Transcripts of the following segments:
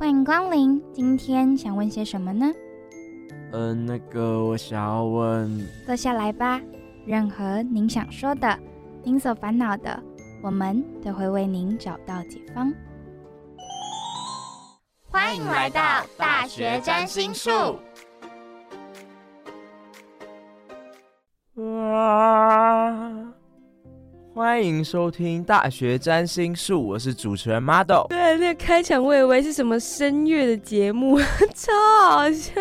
歡迎光臨，今天想問些什麼呢？嗯、呃，那個我想要問。坐下來吧，任何您想說的，您所煩惱的，我們都會為您找到解方。歡迎來到大學占星術。哇歡迎收聽《大學占星術》，我是主持人 Model。對，那個、開場我以為是什麼聲樂的節目，超好笑。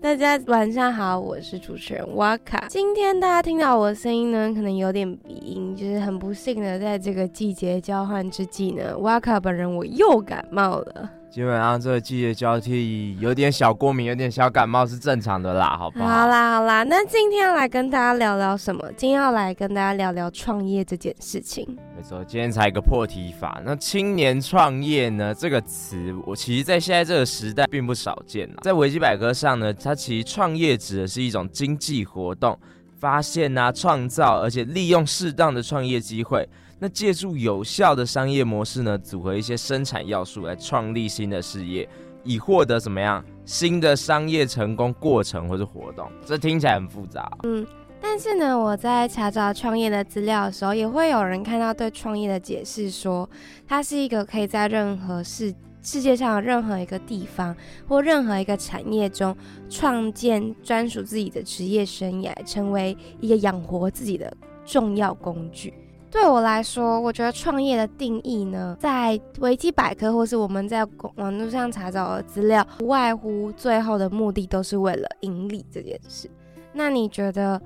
大家晚上好，我是主持人 Waka。今天大家聽到我的聲音呢，可能有點鼻音，就是很不幸的，在這個季節交換之際呢，Waka 本人我又感冒了。基本上這個季節交替，有點小過敏，有點小感冒是正常的啦，好不好？好啦好啦，那今天要來跟大家聊聊什麼？今天要來跟大家聊聊創業這件事情。沒錯，今天才有個破題法。那青年創業呢，這個詞，我其實在現在這個時代並不少見。在維基百科上呢，它其實創業指的是一種經濟活動，發現啊創造，而且利用適當的創業機會。那借助有效的商業模式呢，組合一些生產要素來創立新的事業，以獲得怎麼樣新的商業成功過程或是活動？這聽起來很複雜。嗯，但是呢，我在查找創業的資料的時候，也會有人看到對創業的解釋，說它是一個可以在任何世世界上任何一個地方或任何一個產業中，創建專屬自己的職業生涯，成為一個養活自己的重要工具。對我來說，我覺得創業的定義呢，在維基百科或是我們在網絡上查找的資料，不外乎最後的目的都是為了盈利這件事。那你覺得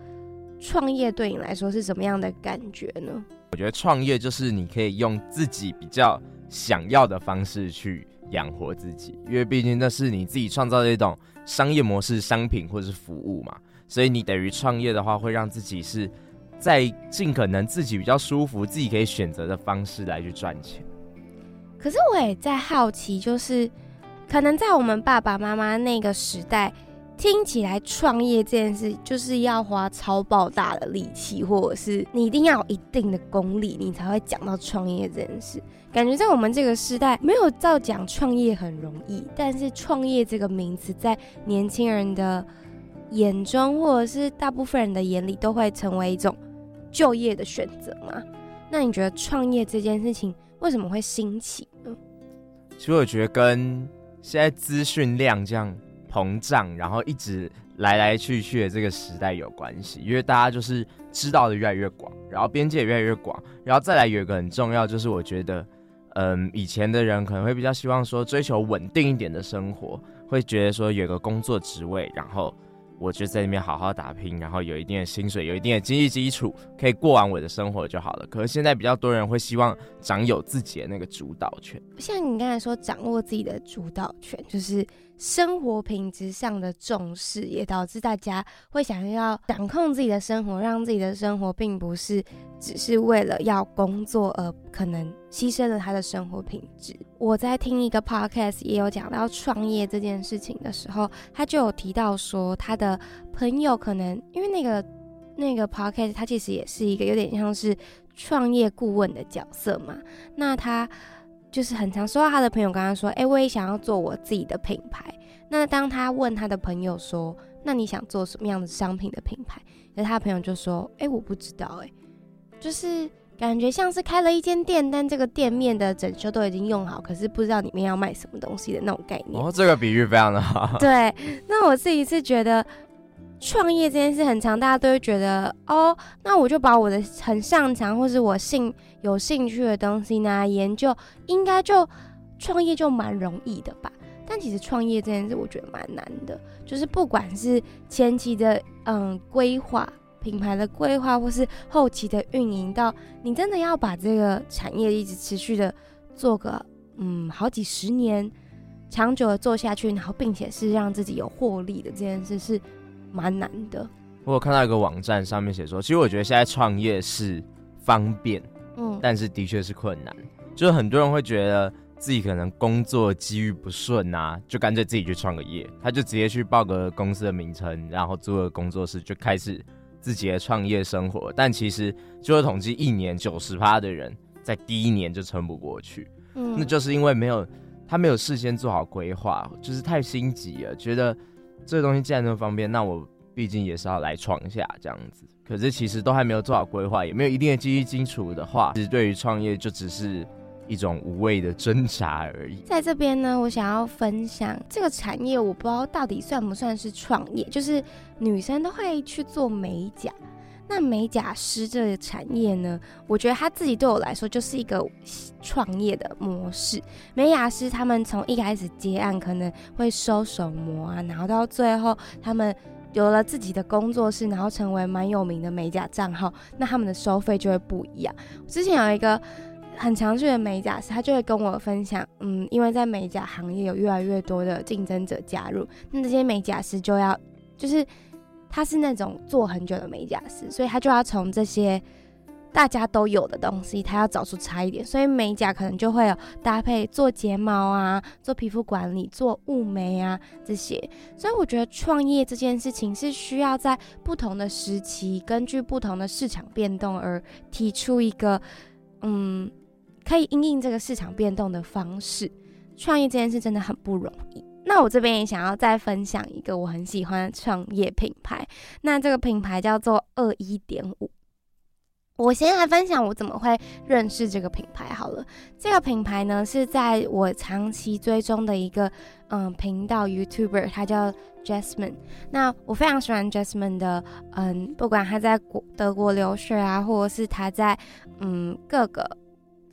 創業對你來說是什麼樣的感覺呢？我覺得創業就是你可以用自己比較想要的方式去養活自己，因為畢竟那是你自己創造的一種商業模式、商品或者是服務嘛，所以你等於創業的話，會讓自己是。在儘可能自己比較舒服，自己可以選擇的方式來去賺錢。可是我也在好奇，就是可能在我們爸爸媽媽那個時代，聽起來創業這件事就是要花超爆大的力氣，或者是你一定要有一定的功力，你才會講到創業這件事。感覺在我們這個時代，沒有照講創業很容易，但是創業這個名字在年輕人的眼中，或者是大部分人的眼裡，都會成為一種就業的選擇嗎？那你覺得創業這件事情為什麼會興起呢？其實我覺得跟現在資訊量這樣膨脹，然後一直來來去去的這個時代有關係，因為大家就是知道的越來越廣，然後邊界也越來越廣，然後再來有一個很重要，就是我覺得，嗯，以前的人可能會比較希望說追求穩定一點的生活，會覺得說有個工作職位，然後我就在裡面好好打拼，然後有一定的薪水，有一定的經濟基礎，可以過完我的生活就好了。可是現在比較多人會希望掌有自己的那個主導權，像你剛才說，掌握自己的主導權就是。生活品質上的重視，也導致大家會想要掌控自己的生活，讓自己的生活並不是只是為了要工作而可能犧牲了他的生活品質。我在聽一個 podcast，也有講到創業這件事情的時候，他就有提到說，他的朋友可能因為那個那個 podcast，他其實也是一個有點像是創業顧問的角色嘛，那他。就是很常收到他的朋友跟他說：“哎、欸，我也想要做我自己的品牌。”那當他問他的朋友說：“那你想做什麼樣的商品的品牌？”那他的朋友就說：“哎、欸，我不知道、欸，哎，就是感覺像是開了一間店，但這個店面的整修都已經用好，可是不知道裡面要賣什麼東西的那種概念。”哦，這個比喻非常的好。對，那我自己是覺得創業這件事很常，大家都會覺得：“哦，那我就把我的很擅長，或是我信。”有興趣的東西拿來研究應該就創業就蠻容易的吧？但其實創業這件事，我覺得蠻難的。就是不管是前期的嗯規劃、品牌的規劃，或是後期的運營，到你真的要把這個產業一直持續的做個嗯好幾十年，長久的做下去，然後並且是讓自己有獲利的這件事，是蠻難的。我有看到一個網站上面寫說，其實我覺得現在創業是方便。但是的確是困難，就是很多人會覺得自己可能工作機遇不順啊，就乾脆自己去創個業，他就直接去報個公司的名稱，然後租個工作室，就開始自己的創業生活。但其實，就會統計，一年九十趴的人在第一年就撐不過去，嗯。那就是因為沒有他沒有事先做好規劃，就是太心急了，覺得這個東西既然那麼方便，那我畢竟也是要來創一下這樣子。可是其實都還沒有做好規劃，也沒有一定的經濟基礎的話，其實對於創業就只是一種無謂的掙扎而已。在這邊呢，我想要分享這個產業，我不知道到底算不算是創業。就是女生都會去做美甲，那美甲師這個產業呢，我覺得他自己對我來說就是一個創業的模式。美甲師他們從一開始接案可能會收手膜啊，然後到最後他們。有了自己的工作室，然後成為蠻有名的美甲賬號，那他們的收費就會不一樣。我之前有一個很常去的美甲師，他就會跟我分享，嗯，因為在美甲行業有越來越多的競爭者加入，那這些美甲師就要，就是他是那種做很久的美甲師，所以他就要從這些。大家都有的東西，他要找出差異點，所以美甲可能就會有搭配做睫毛啊，做皮膚管理，做霧眉啊這些。所以我覺得創業這件事情是需要在不同的時期，根據不同的市場變動而提出一個，嗯，可以因應這個市場變動的方式。創業這件事真的很不容易。那我這邊也想要再分享一個我很喜歡的創業品牌，那這個品牌叫做二一點五。我先來分享我怎麼會認識這個品牌好了，這個品牌呢是在我長期追蹤的一個嗯頻道 YouTuber，他叫 Jasmine。那我非常喜歡 Jasmine 的嗯，不管他在國德國留學啊，或者是他在嗯各個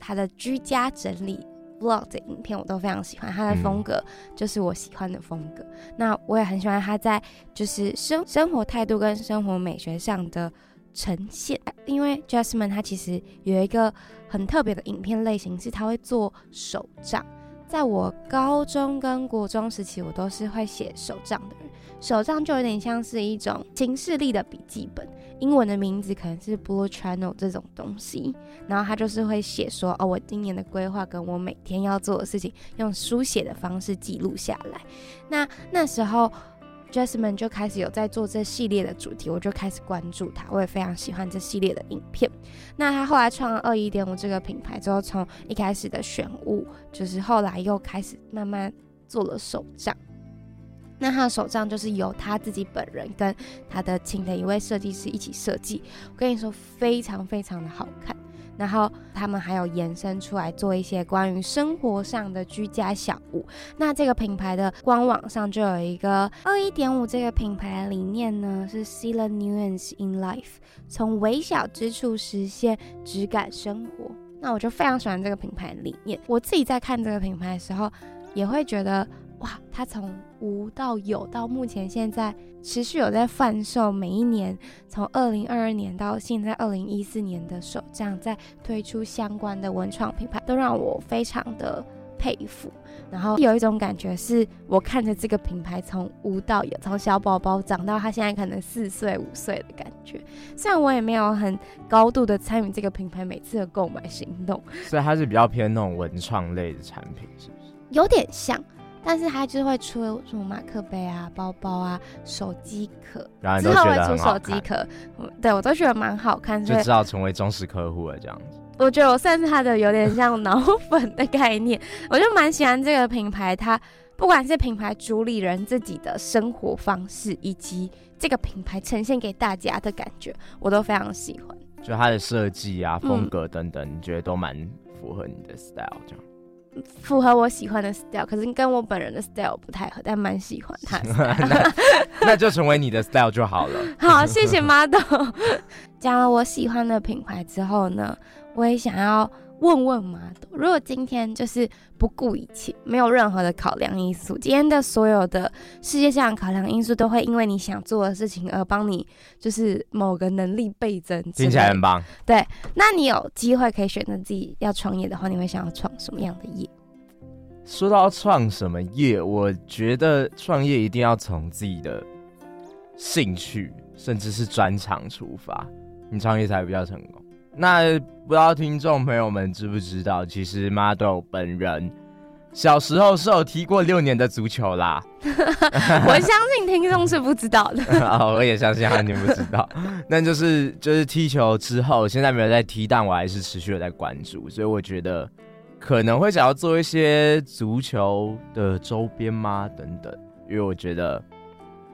他的居家整理 vlog 的影片，我都非常喜歡他的風格，就是我喜歡的風格。嗯、那我也很喜歡他在就是生生活態度跟生活美學上的呈現，因為 Jasmine 她其實有一個很特別的影片類型，是他會做手賬。在我高中跟國中時期，我都是會寫手賬的人。手賬就有點像是一種行事曆的筆記本，英文的名字可能是 Bullet Journal 這種東西。然後他就是會寫說，哦，我今年的規劃跟我每天要做的事情，用書寫的方式記錄下來。那那時候。Jasmine 就開始有在做這系列的主題，我就開始關注他，我也非常喜歡這系列的影片。那他後來創了二一點五這個品牌之後，從一開始的選物，就是後來又開始慢慢做了手賬。那他的手賬就是由他自己本人跟他的請的一位設計師一起設計，我跟你說非常非常的好看。然後他們還有延伸出來做一些關於生活上的居家小物。那這個品牌的官網上就有一個二一點五這個品牌的理念呢，是 See the nuance in life，從微小之處實現質感生活。那我就非常喜歡這個品牌理念。我自己在看這個品牌的時候，也會覺得。哇，他從無到有，到目前現在持續有在販售，每一年從二零二二年到現在二零一四年的手賬，在推出相關的文創品牌，都讓我非常的佩服。然後有一種感覺是，我看着這個品牌從無到有，從小寶寶長到他現在可能四歲五歲的感覺。雖然我也沒有很高度的參與這個品牌每次的購買行動，所以它是比較偏那種文創類的產品，是不是？有點像。但是他就是會出什麼馬克杯啊、包包啊、手機殼，然後之後會出手機殼。對，我都覺得蠻好看，就知道成為忠實客戶了這樣子。我覺得我算是他的有點像腦粉的概念， 我就蠻喜歡這個品牌，它不管是品牌主理人自己的生活方式，以及這個品牌呈現給大家的感覺，我都非常喜歡。就它的設計啊、風格等等，你、嗯、覺得都蠻符合你的 style 這樣。符合我喜歡的 style，可是跟我本人的 style 不太合，但蠻喜歡它 那。 那就成為你的 style 就好了。 好，謝謝 Model。講了我喜歡的品牌之後呢，我也想要，問問馬嘛？如果今天就是不顧一切，沒有任何的考量因素，今天的所有的世界上考量因素都會因為你想做的事情而幫你，就是某個能力倍增。聽起來很棒。對，那你有機會可以選擇自己要創業的話，你會想要創什麼樣的業？說到創什麼業，我覺得創業一定要從自己的興趣甚至是專長出發，你創業才比較成功。那不知道聽眾朋友們知不知道？其實馬豆本人小時候是有踢過六年的足球啦。 我相信聽眾是不知道的， 哦、我也相信他們不知道。 那就是就是踢球之後，現在沒有在踢，但我還是持續有在關注，所以我覺得可能會想要做一些足球的周邊嗎？等等，因為我覺得。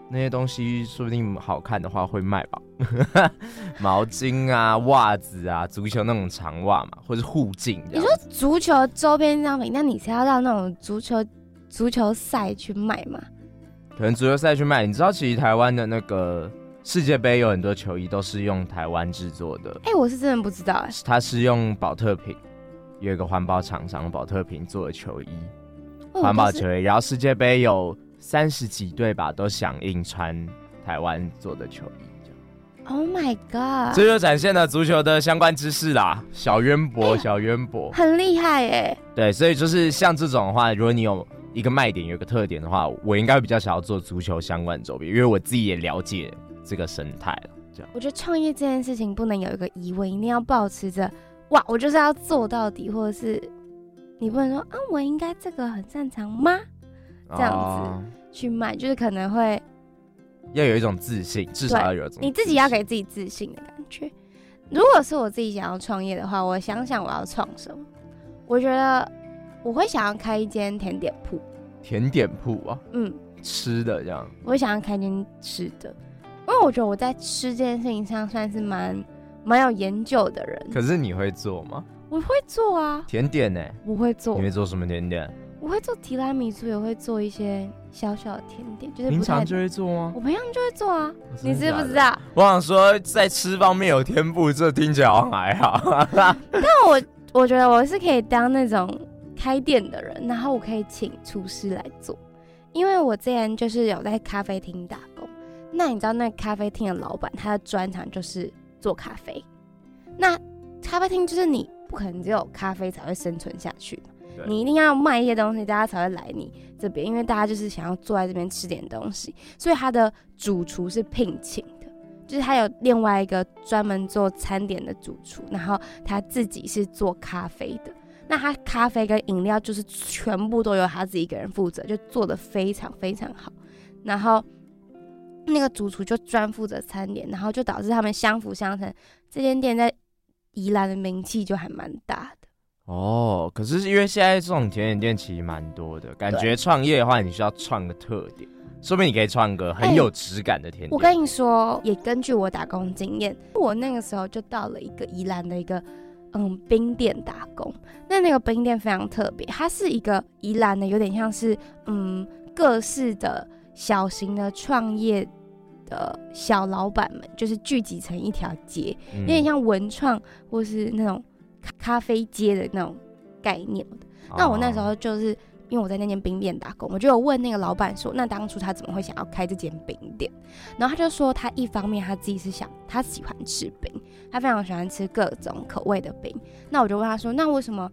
那些東西說不定好看的話會賣吧， 毛巾啊、襪子啊、足球那種長襪嘛，或是護脛的。你說足球周邊商品，那你才要到那種足球足球賽去賣嘛？可能足球賽去賣。你知道，其實台灣的那個世界杯有很多球衣都是用台灣製作的。哎、欸，我是真的不知道哎、欸。它是用寶特瓶，有一個環保廠商用寶特瓶做的球衣，環、就是、保球衣。然後世界杯有。三十幾隊吧，都響應穿台灣做的球衣。Oh my god！這就展現了足球的相關知識啦，小淵博，小淵博，啊、很厲害哎、欸。對，所以就是像這種的話，如果你有一個賣點，有一個特點的話，我應該比較想要做足球相關的周邊，因為我自己也了解這個生態了。這樣，我覺得創業這件事情不能有一個疑問，一定要保持着哇，我就是要做到底，或者是你不能說啊，我應該這個很擅長嗎？這樣子去賣，就是可能會要有一種自信，對至少要有一種自信。你自己要給自己自信的感覺。如果是我自己想要創業的話，我想想我要創什麼？我覺得我會想要開一間甜點鋪。甜點鋪啊，嗯，吃的這樣。我會想要開一間吃的，因為我覺得我在吃這件事情上算是蠻蠻有研究的人。可是你會做嗎？我會做啊，甜點呢、欸，我會做。你會做什麼甜點？我會做提拉米蘇，也會做一些小小的甜點，就是平常就會做嗎？我平常就會做啊。真的假的？你知不知道？我想說，在吃方面有天賦，這聽起來好還好。 但我我覺得我是可以當那種開店的人，然後我可以請廚師來做，因為我之前就是有在咖啡廳打工。那你知道，那咖啡廳的老闆他的專長就是做咖啡，那咖啡廳就是你不可能只有咖啡才會生存下去。你一定要賣一些東西，大家才會來你這邊，因為大家就是想要坐在這邊吃點東西。所以他的主廚是聘請的，就是他有另外一個專門做餐點的主廚，然後他自己是做咖啡的。那他咖啡跟飲料就是全部都由他自己一個人負責，就做得非常非常好。然後那個主廚就專負責餐點，然後就導致他們相輔相成，這間店在宜蘭的名氣就還蠻大的。哦，可是因為現在這種甜點店其實蠻多的，感覺創業的話，你需要創個特點，對說不定你可以創個很有質感的甜點。我跟你說，也根據我打工經驗，我那個時候就到了一個宜蘭的一個嗯冰店打工。那那個冰店非常特別，它是一個宜蘭的，有點像是嗯各式的小型的創業的小老板們，就是聚集成一條街，嗯、有點像文創或是那種。咖啡街的那種概念的，那我那時候就是因為我在那間冰店打工，我就有問那個老闆說：“那當初他怎麼會想要開這間冰店？”然後他就說：“他一方面他自己是想他喜歡吃冰，他非常喜歡吃各種口味的冰。”那我就問他說：“那為什麼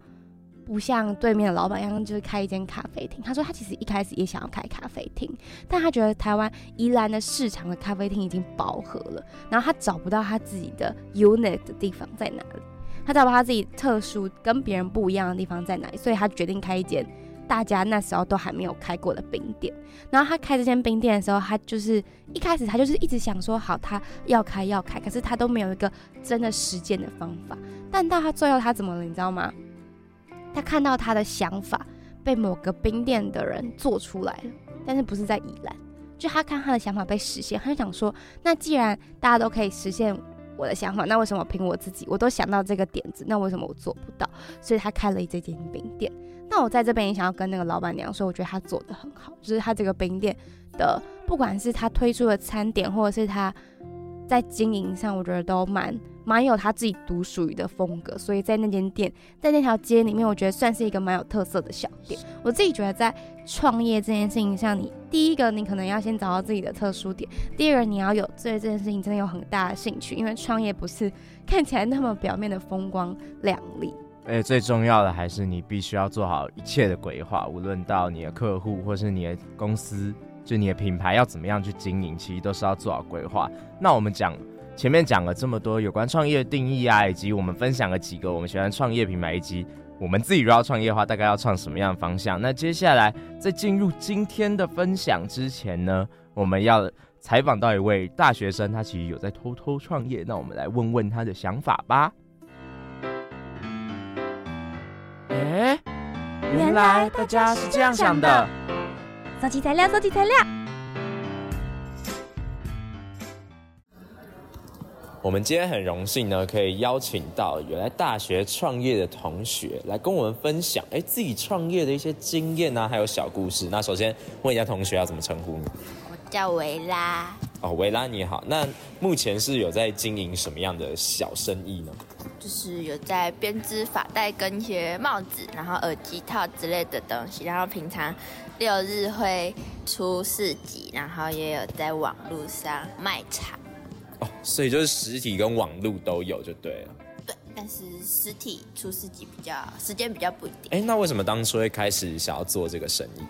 不像對面的老闆一樣，就是開一間咖啡廳？”他說：“他其實一開始也想要開咖啡廳，但他覺得台灣宜蘭的市場的咖啡廳已經飽和了，然後他找不到他自己的 unit 的地方在哪裡。”他找不到他自己特殊跟別人不一樣的地方在哪裡，所以他決定開一間大家那時候都還沒有開過的冰店。然後他開這間冰店的時候，他就是一開始他就是一直想說，好，他要開要開，可是他都沒有一個真的實踐的方法。但到他最後他怎麼了，你知道嗎？他看到他的想法被某個冰店的人做出來了，但是不是在宜蘭？就他看他的想法被實現，他就想說，那既然大家都可以實現。我的想法，那為什麼憑我自己，我都想到這個點子，那為什麼我做不到？所以他開了一間餅店。那我在這邊也想要跟那個老闆娘說，我覺得他做得很好，就是他這個餅店的，不管是他推出的餐點，或者是他。在經營上，我覺得都蠻蠻有他自己獨屬於的風格，所以在那間店，在那條街裡面，我覺得算是一個蠻有特色的小店。我自己覺得，在創業這件事情上你，你第一個，你可能要先找到自己的特殊點，第二個，你要有對這，這件事情真的有很大的興趣，因為創業不是看起來那麼表面的風光亮麗。而且，欸，最重要的還是，你必須要做好一切的規劃，無論到你的客戶或是你的公司。就你的品牌要怎麼樣去經營，其實都是要做好規劃。那我們講前面講了這麼多有關創業的定義啊，以及我們分享了幾個我們喜歡創業品牌，以及我們自己如果要創業的話，大概要創什麼樣的方向。那接下來在進入今天的分享之前呢，我們要採訪到一位大學生，他其實有在偷偷創業。那我們來問問他的想法吧。欸，原來大家是這樣想的。收集材料，收集材料。我們今天很榮幸呢，可以邀請到原來大學創業的同學來跟我們分享，哎、欸，自己創業的一些經驗啊，還有小故事。那首先問一下同學，要怎麼稱呼你？我叫維拉。哦，維拉你好。那目前是有在經營什麼樣的小生意呢？就是有在編織髮帶跟一些帽子，然後耳機套之類的東西，然後平常。六日會出市集，然後也有在網路上賣茶。哦，所以就是實體跟網路都有，就對了。對，但是實體出市集比較時間比較不一定。哎，那為什麼當初會開始想要做這個生意？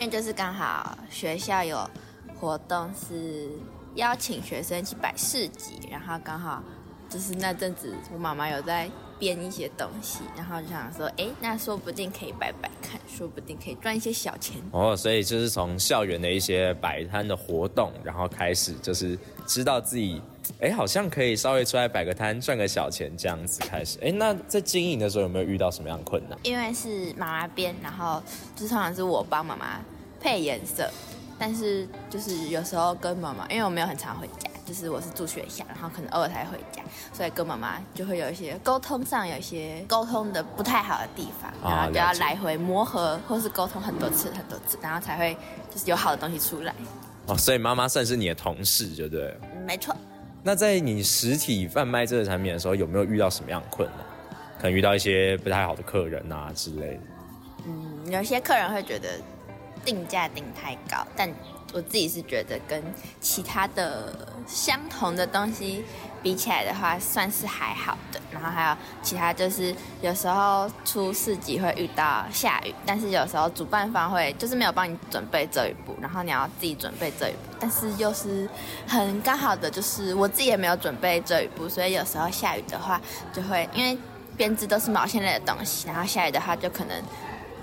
因為就是剛好學校有活動是邀請學生去擺市集，然後剛好就是那陣子我媽媽有在。編一些東西，然後就想說，哎、欸，那說不定可以擺擺看，說不定可以賺一些小錢哦。所以就是從校園的一些擺攤的活動，然後開始就是知道自己，哎、欸，好像可以稍微出來擺個攤，賺個小錢，這樣子開始。哎、欸，那在經營的時候有沒有遇到什麼樣的困難？因為是媽媽編，然後就通常是我幫媽媽配顏色，但是就是有時候跟媽媽，因為我沒有很常回家。就是我是住學校，然後可能偶爾才回家，所以跟媽媽就會有一些溝通上，有一些溝通的不太好的地方，然後就要來回磨合，或是溝通很多次很多次，然後才會就是有好的東西出來。哦，所以媽媽算是你的同事，對不對？沒錯。那在你實體販賣這個產品的時候，有沒有遇到什麼樣的困難？可能遇到一些不太好的客人啊之類的。嗯，有些客人會覺得定價定太高，但。我自己是覺得跟其他的相同的東西比起來的話，算是還好的。然後還有其他就是，有時候出市集會遇到下雨，但是有時候主辦方會就是沒有幫你準備遮雨布，然後你要自己準備遮雨布。但是又是很剛好的，就是我自己也沒有準備遮雨布，所以有時候下雨的話就會，因為編織都是毛線類的東西，然後下雨的話就可能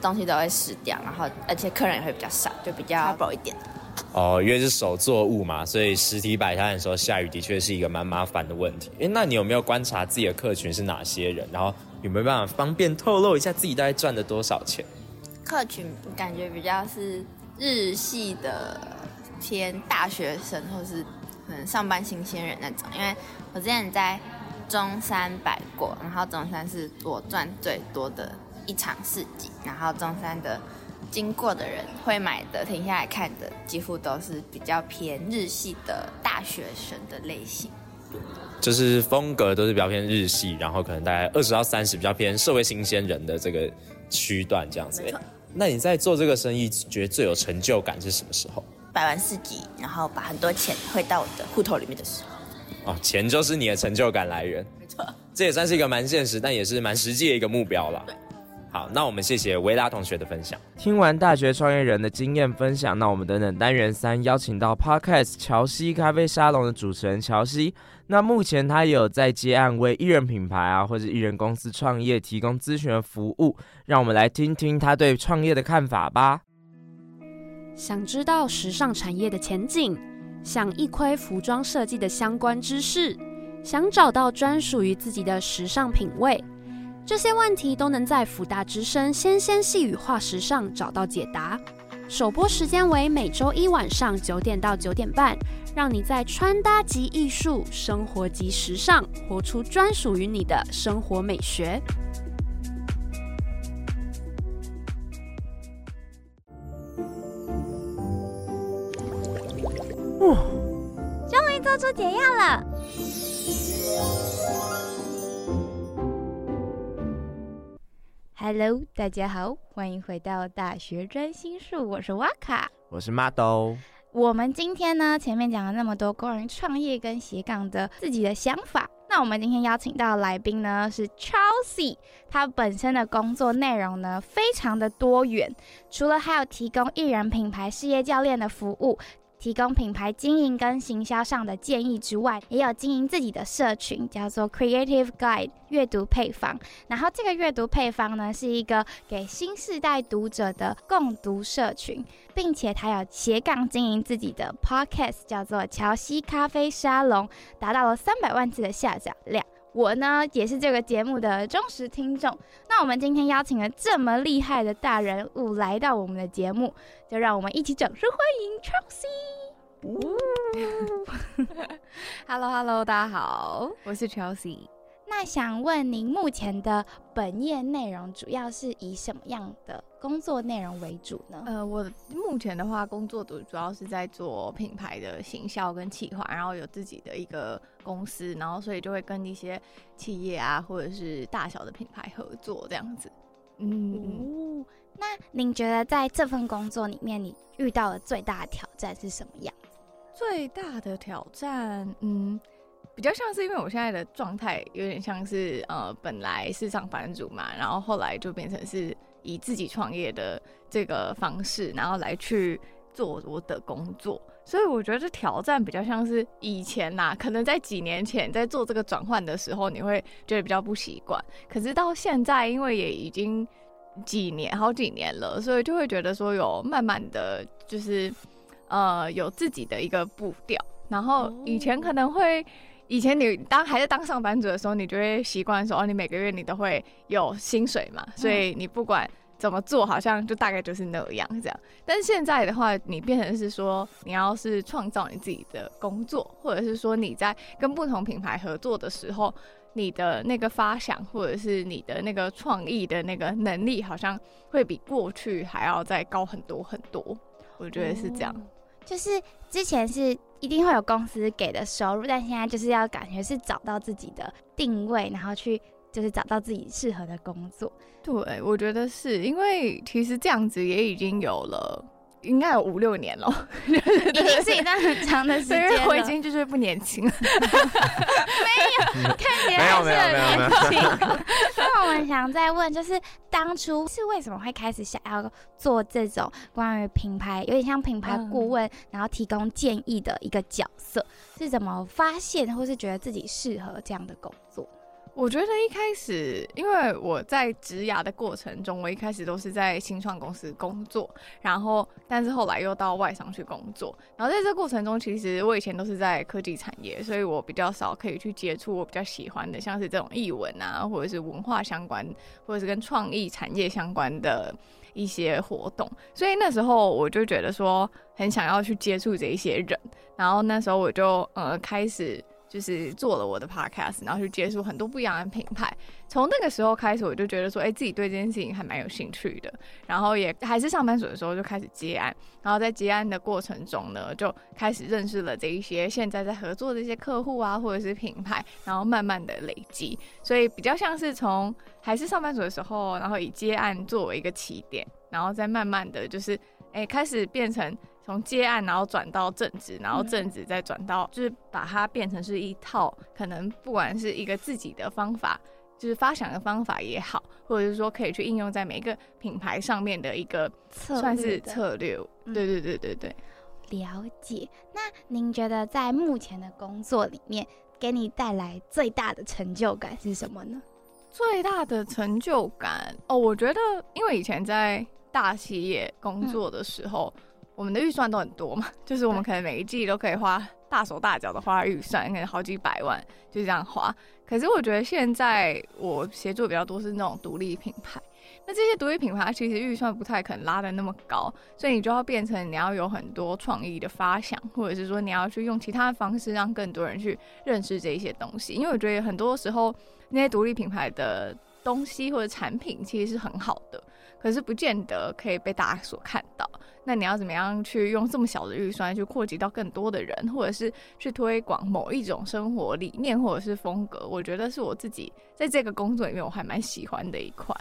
東西都會濕掉，然後而且客人也會比較少，就比較 t 一點。哦，因為是手作物嘛，所以實體擺攤的時候下雨的確是一個蠻麻煩的問題。哎，那你有沒有觀察自己的客群是哪些人？然後有沒有辦法方便透露一下自己大概賺了多少錢？客群感覺比較是日系的偏大學生，或者是可能上班新鮮人那種。因為我之前在中山擺過，然後中山是我賺最多的一場市集，然後中山的。經過的人會買的，停下來看的，幾乎都是比較偏日系的大學生的類型，就是風格都是比較偏日系，然後可能大概二十到三十，比較偏社會新鮮人的這個區段這樣子。沒錯。那你在做這個生意，覺得最有成就感是什麼時候？擺完市集，然後把很多錢匯到我的戶頭裡面的時候。哦，錢就是你的成就感來源。沒錯，這也算是一個蠻現實，但也是蠻實際的一個目標了。對。好，那我們謝謝維拉同學的分享。聽完大學創業人的經驗分享，那我們等等單元三邀請到 Podcast 喬西咖啡沙龍的主持人喬西。那目前他也有在接案為一人品牌啊或者一人公司創業提供諮詢服務。讓我們來聽聽他對創業的看法吧。想知道時尚產業的前景，想一窺服裝設計的相關知識，想找到專屬於自己的時尚品味。這些問題都能在福大之聲《纖纖細語》話時尚，找到解答。首播時間為每週一晚上九點到九點半，讓你在穿搭及藝術、生活及時尚，活出專屬於你的生活美學。哇、哦，終於做出解藥了！Hello，大家好，歡迎回到大學專心術。我是哇卡，我是馬豆。我們今天呢，前面講了那麼多關於創業跟斜槓的自己的想法。那我們今天邀請到的來賓呢是 Chelsea，他本身的工作內容呢非常的多元，除了還有提供一人品牌事業教練的服務。提供品牌經營跟行銷上的建議之外，也有經營自己的社群，叫做 Creative Guide 閱讀配方。然後這個閱讀配方呢，是一個給新世代讀者的共讀社群，並且他有斜槓經營自己的 podcast，叫做喬西咖啡沙龍，達到了三百萬次的下載量。我呢也是這個節目的忠實聽眾。那我們今天邀請了這麼厲害的大人物來到我們的節目，就讓我們一起掌聲歡迎 Chelsea。Hello，Hello，、哦、 hello，大家好，我是 Chelsea。那想問您，目前的本業內容主要是以什麼樣的工作內容為主呢？呃，我目前的話，工作主主要是在做品牌的行銷跟企劃，然後有自己的一個公司，然後所以就會跟一些企業啊，或者是大小的品牌合作這樣子。嗯，那您覺得在這份工作裡面，你遇到的最大的挑戰是什麼樣子？最大的挑戰，嗯。比較像是，因為我現在的狀態有點像是，呃，本來是上班族嘛，然後後來就變成是以自己創業的這個方式，然後來去做我的工作，所以我覺得挑戰比較像是以前吶，可能在幾年前在做這個轉換的時候，你會覺得比較不習慣，可是到現在，因為也已經幾年、好幾年了，所以就會覺得說有慢慢的，就是呃，有自己的一個步調，然後以前可能會。以前你當還在當上班族的時候，你就會習慣說哦，你每個月你都會有薪水嘛，所以你不管怎麼做，好像就大概就是那樣這樣。但是現在的話，你變成是說，你要是創造你自己的工作，或者是說你在跟不同品牌合作的時候，你的那個發想或者是你的那個創意的那個能力，好像會比過去還要再高很多很多。我覺得是這樣。哦就是之前是一定會有公司給的收入，但現在就是要感覺是找到自己的定位，然後去就是找到自己適合的工作。對，我覺得是因為其實這樣子也已經有了。應該有五六年了，已經是一段很長的時間。所以我已經就是不年輕了。 沒有，沒有，看起來還是很年輕，沒有，沒有。 那我們想再問，就是當初是為什麼會開始想要做這種關於品牌，有點像品牌顧問，然後提供建議的一個角色，是怎麼發現或是覺得自己適合這樣的工作？我覺得一開始，因為我在職涯的過程中，我一開始都是在新創公司工作，然後，但是後來又到外商去工作，然後在這過程中，其實我以前都是在科技產業，所以我比較少可以去接觸我比較喜歡的，像是這種藝文啊，或者是文化相關，或者是跟創意產業相關的一些活動，所以那時候我就覺得說，很想要去接觸這一些人，然後那時候我就呃開始。就是做了我的 podcast，然後去接觸很多不一樣的品牌。從那個時候開始，我就覺得說，哎、欸，自己對這件事情還蠻有興趣的。然後也還是上班族的時候就開始接案，然後在接案的過程中呢，就開始認識了這一些現在在合作的一些客戶啊，或者是品牌，然後慢慢的累積。所以比較像是從還是上班族的時候，然後以接案作為一個起點，然後再慢慢的就是，哎、欸，開始變成。從接案，然後轉到正職，然後正職再轉到，嗯、就是把它變成是一套，可能不管是一個自己的方法，就是發想的方法也好，或者是說可以去應用在每一個品牌上面的一個算是策略策略。策略對，對對對對對，了解。那您覺得在目前的工作裡面，給你帶來最大的成就感是什麼呢？最大的成就感哦，我覺得，因為以前在大企業工作的時候。嗯我們的預算都很多嘛，就是我們可能每一季都可以花大手大腳的花預算，可能好幾百萬就這樣花。可是我覺得現在我協助比較多是那種獨立品牌，那這些獨立品牌其實預算不太可能拉得那麼高，所以你就要變成你要有很多創意的發想，或者是說你要去用其他的方式讓更多人去認識這一些東西。因為我覺得很多時候那些獨立品牌的東西或者產品其實是很好的，可是不見得可以被大家所看到。那你要怎麼樣去用這麼小的預算去擴及到更多的人，或者是去推廣某一種生活理念或者是風格？我覺得是我自己在這個工作裡面，我還蠻喜歡的一塊。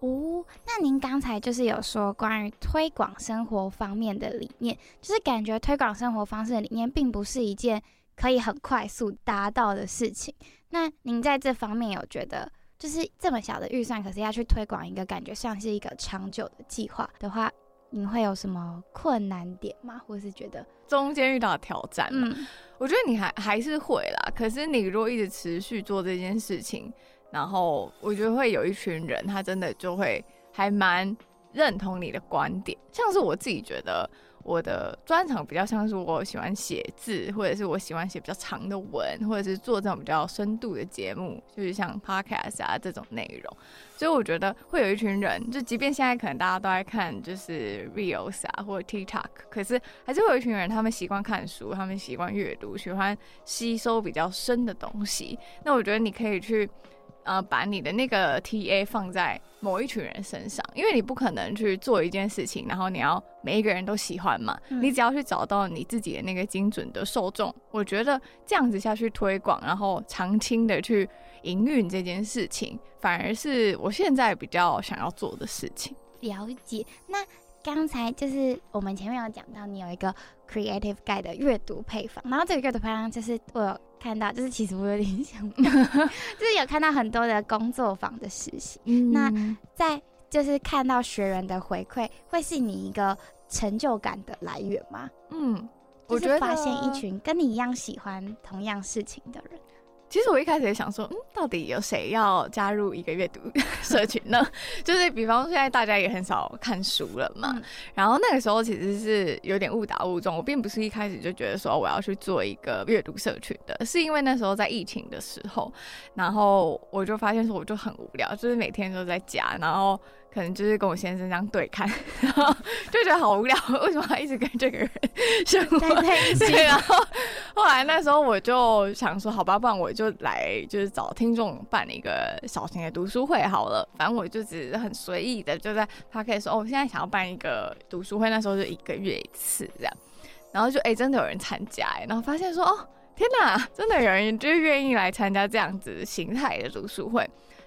哦，那您剛才就是有說關於推廣生活方面的理念，就是感覺推廣生活方式的理念並不是一件可以很快速達到的事情。那您在這方面有覺得，就是這麼小的預算，可是要去推廣一個感覺像是一個長久的計劃的話？你會有什麼困難點嗎？或者是覺得中間遇到挑戰嗎？嗯，我覺得你還還是會啦。可是你如果一直持續做這件事情，然後我覺得會有一群人，他真的就會還蠻認同你的觀點。像是我自己覺得。我的專長比較像是我喜歡寫字，或者是我喜歡寫比較長的文，或者是做這種比較深度的節目，就是像 podcast 啊，這種內容。所以我覺得會有一群人，就即便現在可能大家都愛看就是 Reels 啊，或 TikTok，可是還是會有一群人，他們習慣看書，他們習慣閱讀，喜歡吸收比較深的東西。那我覺得你可以去。呃，把你的那個 TA 放在某一群人身上，因為你不可能去做一件事情，然後你要每一個人都喜歡嘛。嗯、你只要去找到你自己的那個精準的受眾，我覺得這樣子下去推廣，然後長期的去營運這件事情，反而是我現在比較想要做的事情。了解。那剛才就是我們前面有講到，你有一個 Creative Guide 的閱讀配方，然後這個閱讀配方就是我。看到就是，其實我有點想， 就是有看到很多的工作坊的實習。嗯、那在就是看到學員的回饋，會是你一個成就感的來源嗎？嗯，我就發現一群跟你一樣喜歡同樣事情的人。其實我一開始也想說，嗯，到底有誰要加入一個閱讀社群呢？ 就是比方現在大家也很少看書了嘛。然後那個時候其實是有點誤打誤撞，我並不是一開始就覺得說我要去做一個閱讀社群的，是因為那時候在疫情的時候，然後我就發現說我就很無聊，就是每天都在家，然後。可能就是跟我先生這樣對看， 然後就覺得好無聊， 為什麼還一直跟這個人生活在一起？然後後來那時候我就想說，好吧，不然我就來就是找聽眾辦一個小型的讀書會好了。反正我就只是很隨意的就在 Podcast 說，哦，我現在想要辦一個讀書會，那時候就一個月一次這樣。然後就哎、欸，真的有人參加、欸、然後發現說，哦，天哪，真的有人就願意來參加這樣子形態的讀書會。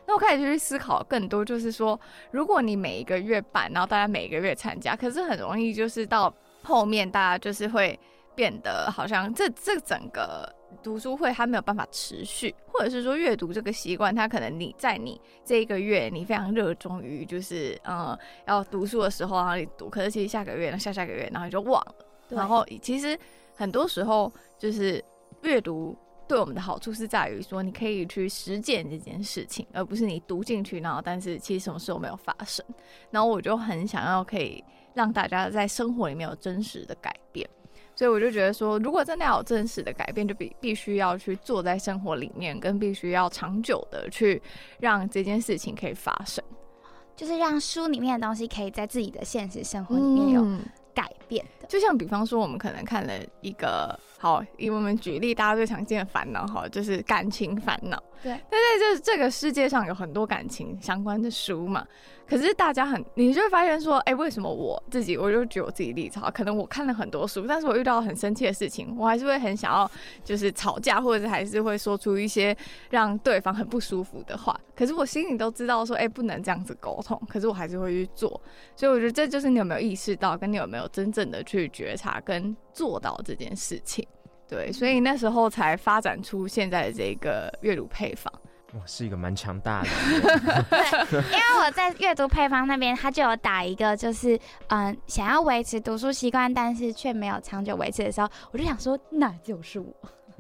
那我開始就去思考更多，就是說，如果你每一個月辦，然後大家每一個月參加，可是很容易就是到後面大家就是會變得好像這這整個讀書會還沒有辦法持續，或者是說閱讀這個習慣，它可能你在你這一個月你非常熱衷於就是嗯要讀書的時候啊，你讀，可是其實下個月，下下個月，然後你就忘了。然後其實很多時候就是閱讀。對我們的好處是在於說，你可以去實踐這件事情，而不是你讀進去，然後但是其實什麼事都沒有發生。然後我就很想要可以讓大家在生活裡面有真實的改變，所以我就覺得說，如果真的要有真實的改變，就必必須要去做在生活裡面，跟必須要長久的去讓這件事情可以發生，就是讓書裡面的東西可以在自己的現實生活裡面有改變的。嗯，就像比方說，我們可能看了一個。好，以我們舉例，大家最常見的煩惱哈，就是感情煩惱。對，但在這這個世界上，有很多感情相關的書嘛。可是大家很，你就會發現說，欸，為什麼我自己，我就舉我自己立場，可能我看了很多書，但是我遇到很生氣的事情，我還是會很想要，就是吵架，或者是還是會說出一些讓對方很不舒服的話。可是我心裡都知道說，欸，不能這樣子溝通，可是我還是會去做。所以我覺得這就是你有沒有意識到，跟你有沒有真正的去覺察跟做到這件事情。對，所以那時候才發展出現在的這個閱讀配方。哇，是一個蠻強大的 因為我在閱讀配方那邊，他就有打一個，就是嗯，想要維持讀書習慣，但是卻沒有長久維持的時候，我就想說，那就是我。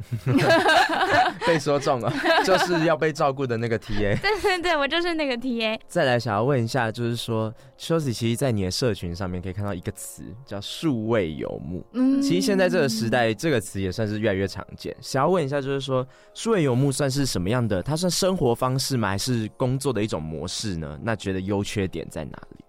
被說中了， 就是要被照顧的那個 TA。 對對對，我就是那個 TA。再來想要問一下，就是說 Chelsea，其實，在你的社群上面可以看到一個詞叫“數位游牧”。嗯，其實現在這個時代，這個詞也算是越來越常見。想要問一下，就是說，數位游牧算是什麼樣的？它算生活方式嗎？還是工作的一種模式呢？那覺得優缺點在哪裡？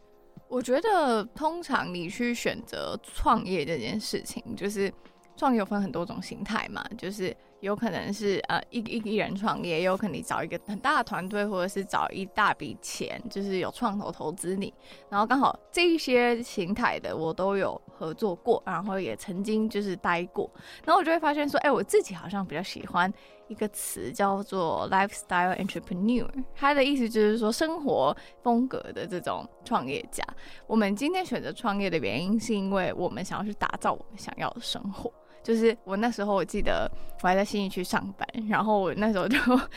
我覺得，通常你去選擇創業這件事情，就是。創業分很多種形態嘛，就是有可能是呃一一,一人創業，有可能你找一個很大的團隊，或者是找一大筆錢，就是有創投投資你。然後剛好這一些形態的我都有合作過，然後也曾經就是待過。然後我就會發現說，哎、欸，我自己好像比較喜歡一個詞叫做 lifestyle entrepreneur，它的意思就是說生活風格的這種創業家。我們今天選擇創業的原因，是因為我們想要去打造我們想要的生活。就是我那時候，我記得我還在信義區上班，然後我那時候就，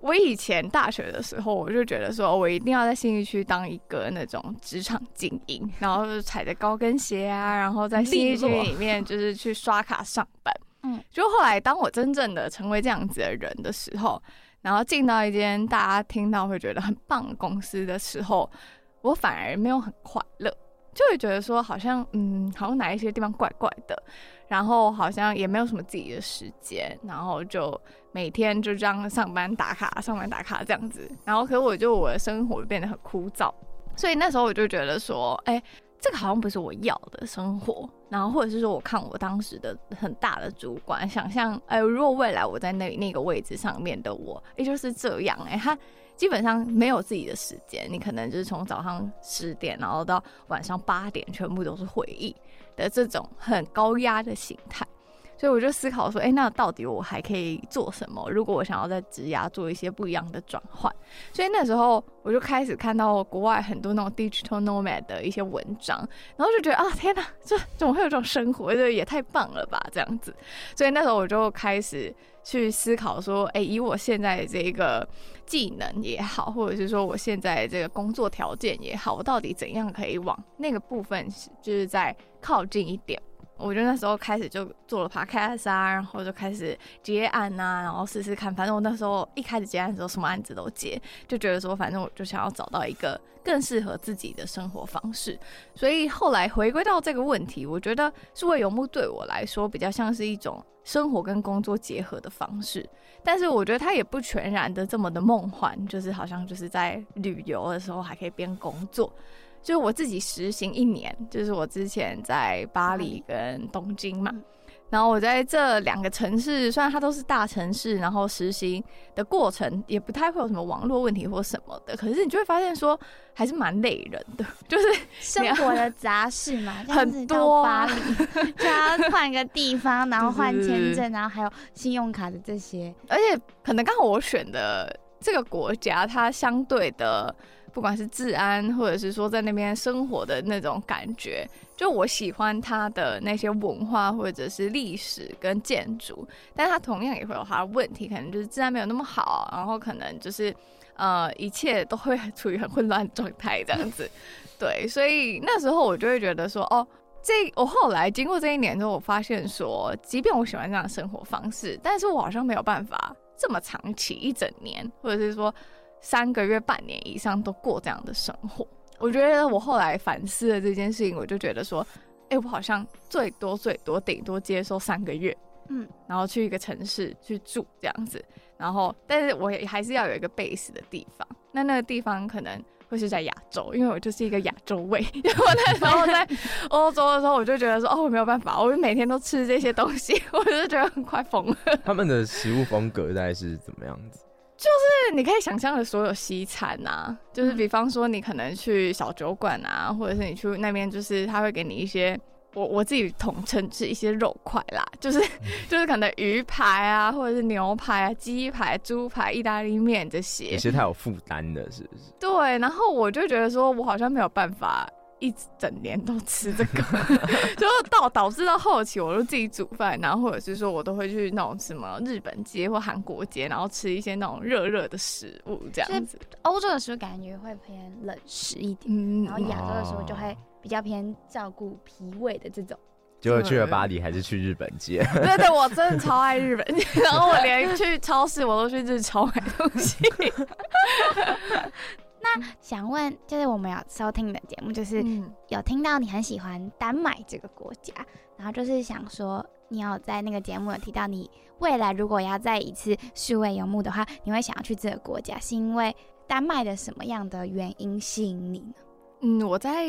我以前大學的時候，我就覺得說我一定要在信義區當一個那種職場精英，然後踩着高跟鞋啊，然後在信義區裡面就是去刷卡上班。嗯多，就後來當我真正的成為這樣子的人的時候，然後進到一間大家聽到會覺得很棒的公司的時候，我反而沒有很快樂，就會覺得說好像嗯，好像哪一些地方怪怪的。然後好像也沒有什麼自己的時間，然後就每天就這樣上班打卡、上班打卡這樣子。然後，可是我就我的生活變得很枯燥，所以那時候我就覺得說，哎、欸。這個好像不是我要的生活，然後或者是說，我看我當時的很大的主管，想象哎、呃，如果未來我在那那個位置上面的我，也就是這樣誒、欸，他基本上沒有自己的時間，你可能就是從早上十點，然後到晚上八點，全部都是會議的這種很高壓的形態。所以我就思考說，哎、欸，那到底我還可以做什麼？如果我想要在職涯做一些不一樣的轉換，所以那時候我就開始看到國外很多那種 digital nomad 的一些文章，然後就覺得啊，天哪，這怎麼會有這種生活？這也太棒了吧，這樣子。所以那時候我就開始去思考說，哎、欸，以我現在的這個技能也好，或者是說我現在的這個工作條件也好，我到底怎樣可以往那個部分，就是再靠近一點。我覺得那時候開始就做了 podcast 啊，然後就開始接案啊，然後試試看。反正我那時候一開始接案的時候，什麼案子都接，就覺得說，反正我就想要找到一個更適合自己的生活方式。所以後來回歸到這個問題，我覺得數位游牧對我來說比較像是一種生活跟工作結合的方式，但是我覺得它也不全然的這麼的夢幻，就是好像就是在旅遊的時候還可以邊工作。就是我自己實行一年，就是我之前在巴黎跟東京嘛，嗯、然後我在這兩個城市，雖然它都是大城市，然後實行的過程也不太會有什麼網絡問題或什麼的，可是你就會發現說，還是蠻累人的，就是生活的雜事嘛，很多，像是到巴黎就要換個地方， 然後換簽證，然後還有信用卡的這些，而且可能剛好我選的這個國家，它相對的。不管是治安，或者是說在那邊生活的那種感覺，就我喜歡他的那些文化，或者是歷史跟建築。但是它同樣也會有它的問題，可能就是治安沒有那麼好，然後可能就是呃，一切都會處於很混亂的狀態這樣子。對，所以那時候我就會覺得說，哦，這我後來經過這一年之後，我發現說，即便我喜歡這樣的生活方式，但是我好像沒有辦法這麼長期一整年，或者是說三個月、半年以上都過這樣的生活。我覺得我後來反思了這件事情，我就覺得說，哎、欸，我好像最多最多頂多接受三個月，嗯，然後去一個城市去住這樣子，然後，但是我也還是要有一個 base 的地方。那那個地方可能會是在亞洲，因為我就是一個亞洲胃。然後我那時候在歐洲的時候，我就覺得說，哦，我沒有辦法，我每天都吃這些東西，我就覺得很快瘋了。他們的食物風格大概是怎麼樣子？就是你可以想象的所有西餐吶、啊，就是比方說你可能去小酒館啊，嗯、或者是你去那邊，就是他會給你一些我我自己統稱是一些肉塊啦，就是、嗯、就是可能魚排啊，或者是牛排啊、雞排、豬排、意大利麵這些，其實他有負擔的，是不是？對，然後我就覺得說我好像沒有辦法。一整年都吃這個， 就是到導致到後期，我都自己煮飯，然後或者是說我都會去那種什麼日本街或韓國街，然後吃一些那種熱熱的食物這樣子。歐洲的時候感覺會偏冷食一點，嗯、然後亞洲的時候就會比較偏照顧脾胃的這種。嗯、就去了巴黎還是去日本街？ 對對，對，我真的超愛日本街，然後我連去超市我都去日超買東西。 那想問，就是我們有收聽你的節目，就是有聽到你很喜歡丹麥這個國家，然後就是想說，你有在那個節目有提到，你未來如果要再一次數位遊牧的話，你會想要去這個國家，是因為丹麥的什麼樣的原因吸引你呢？嗯，我在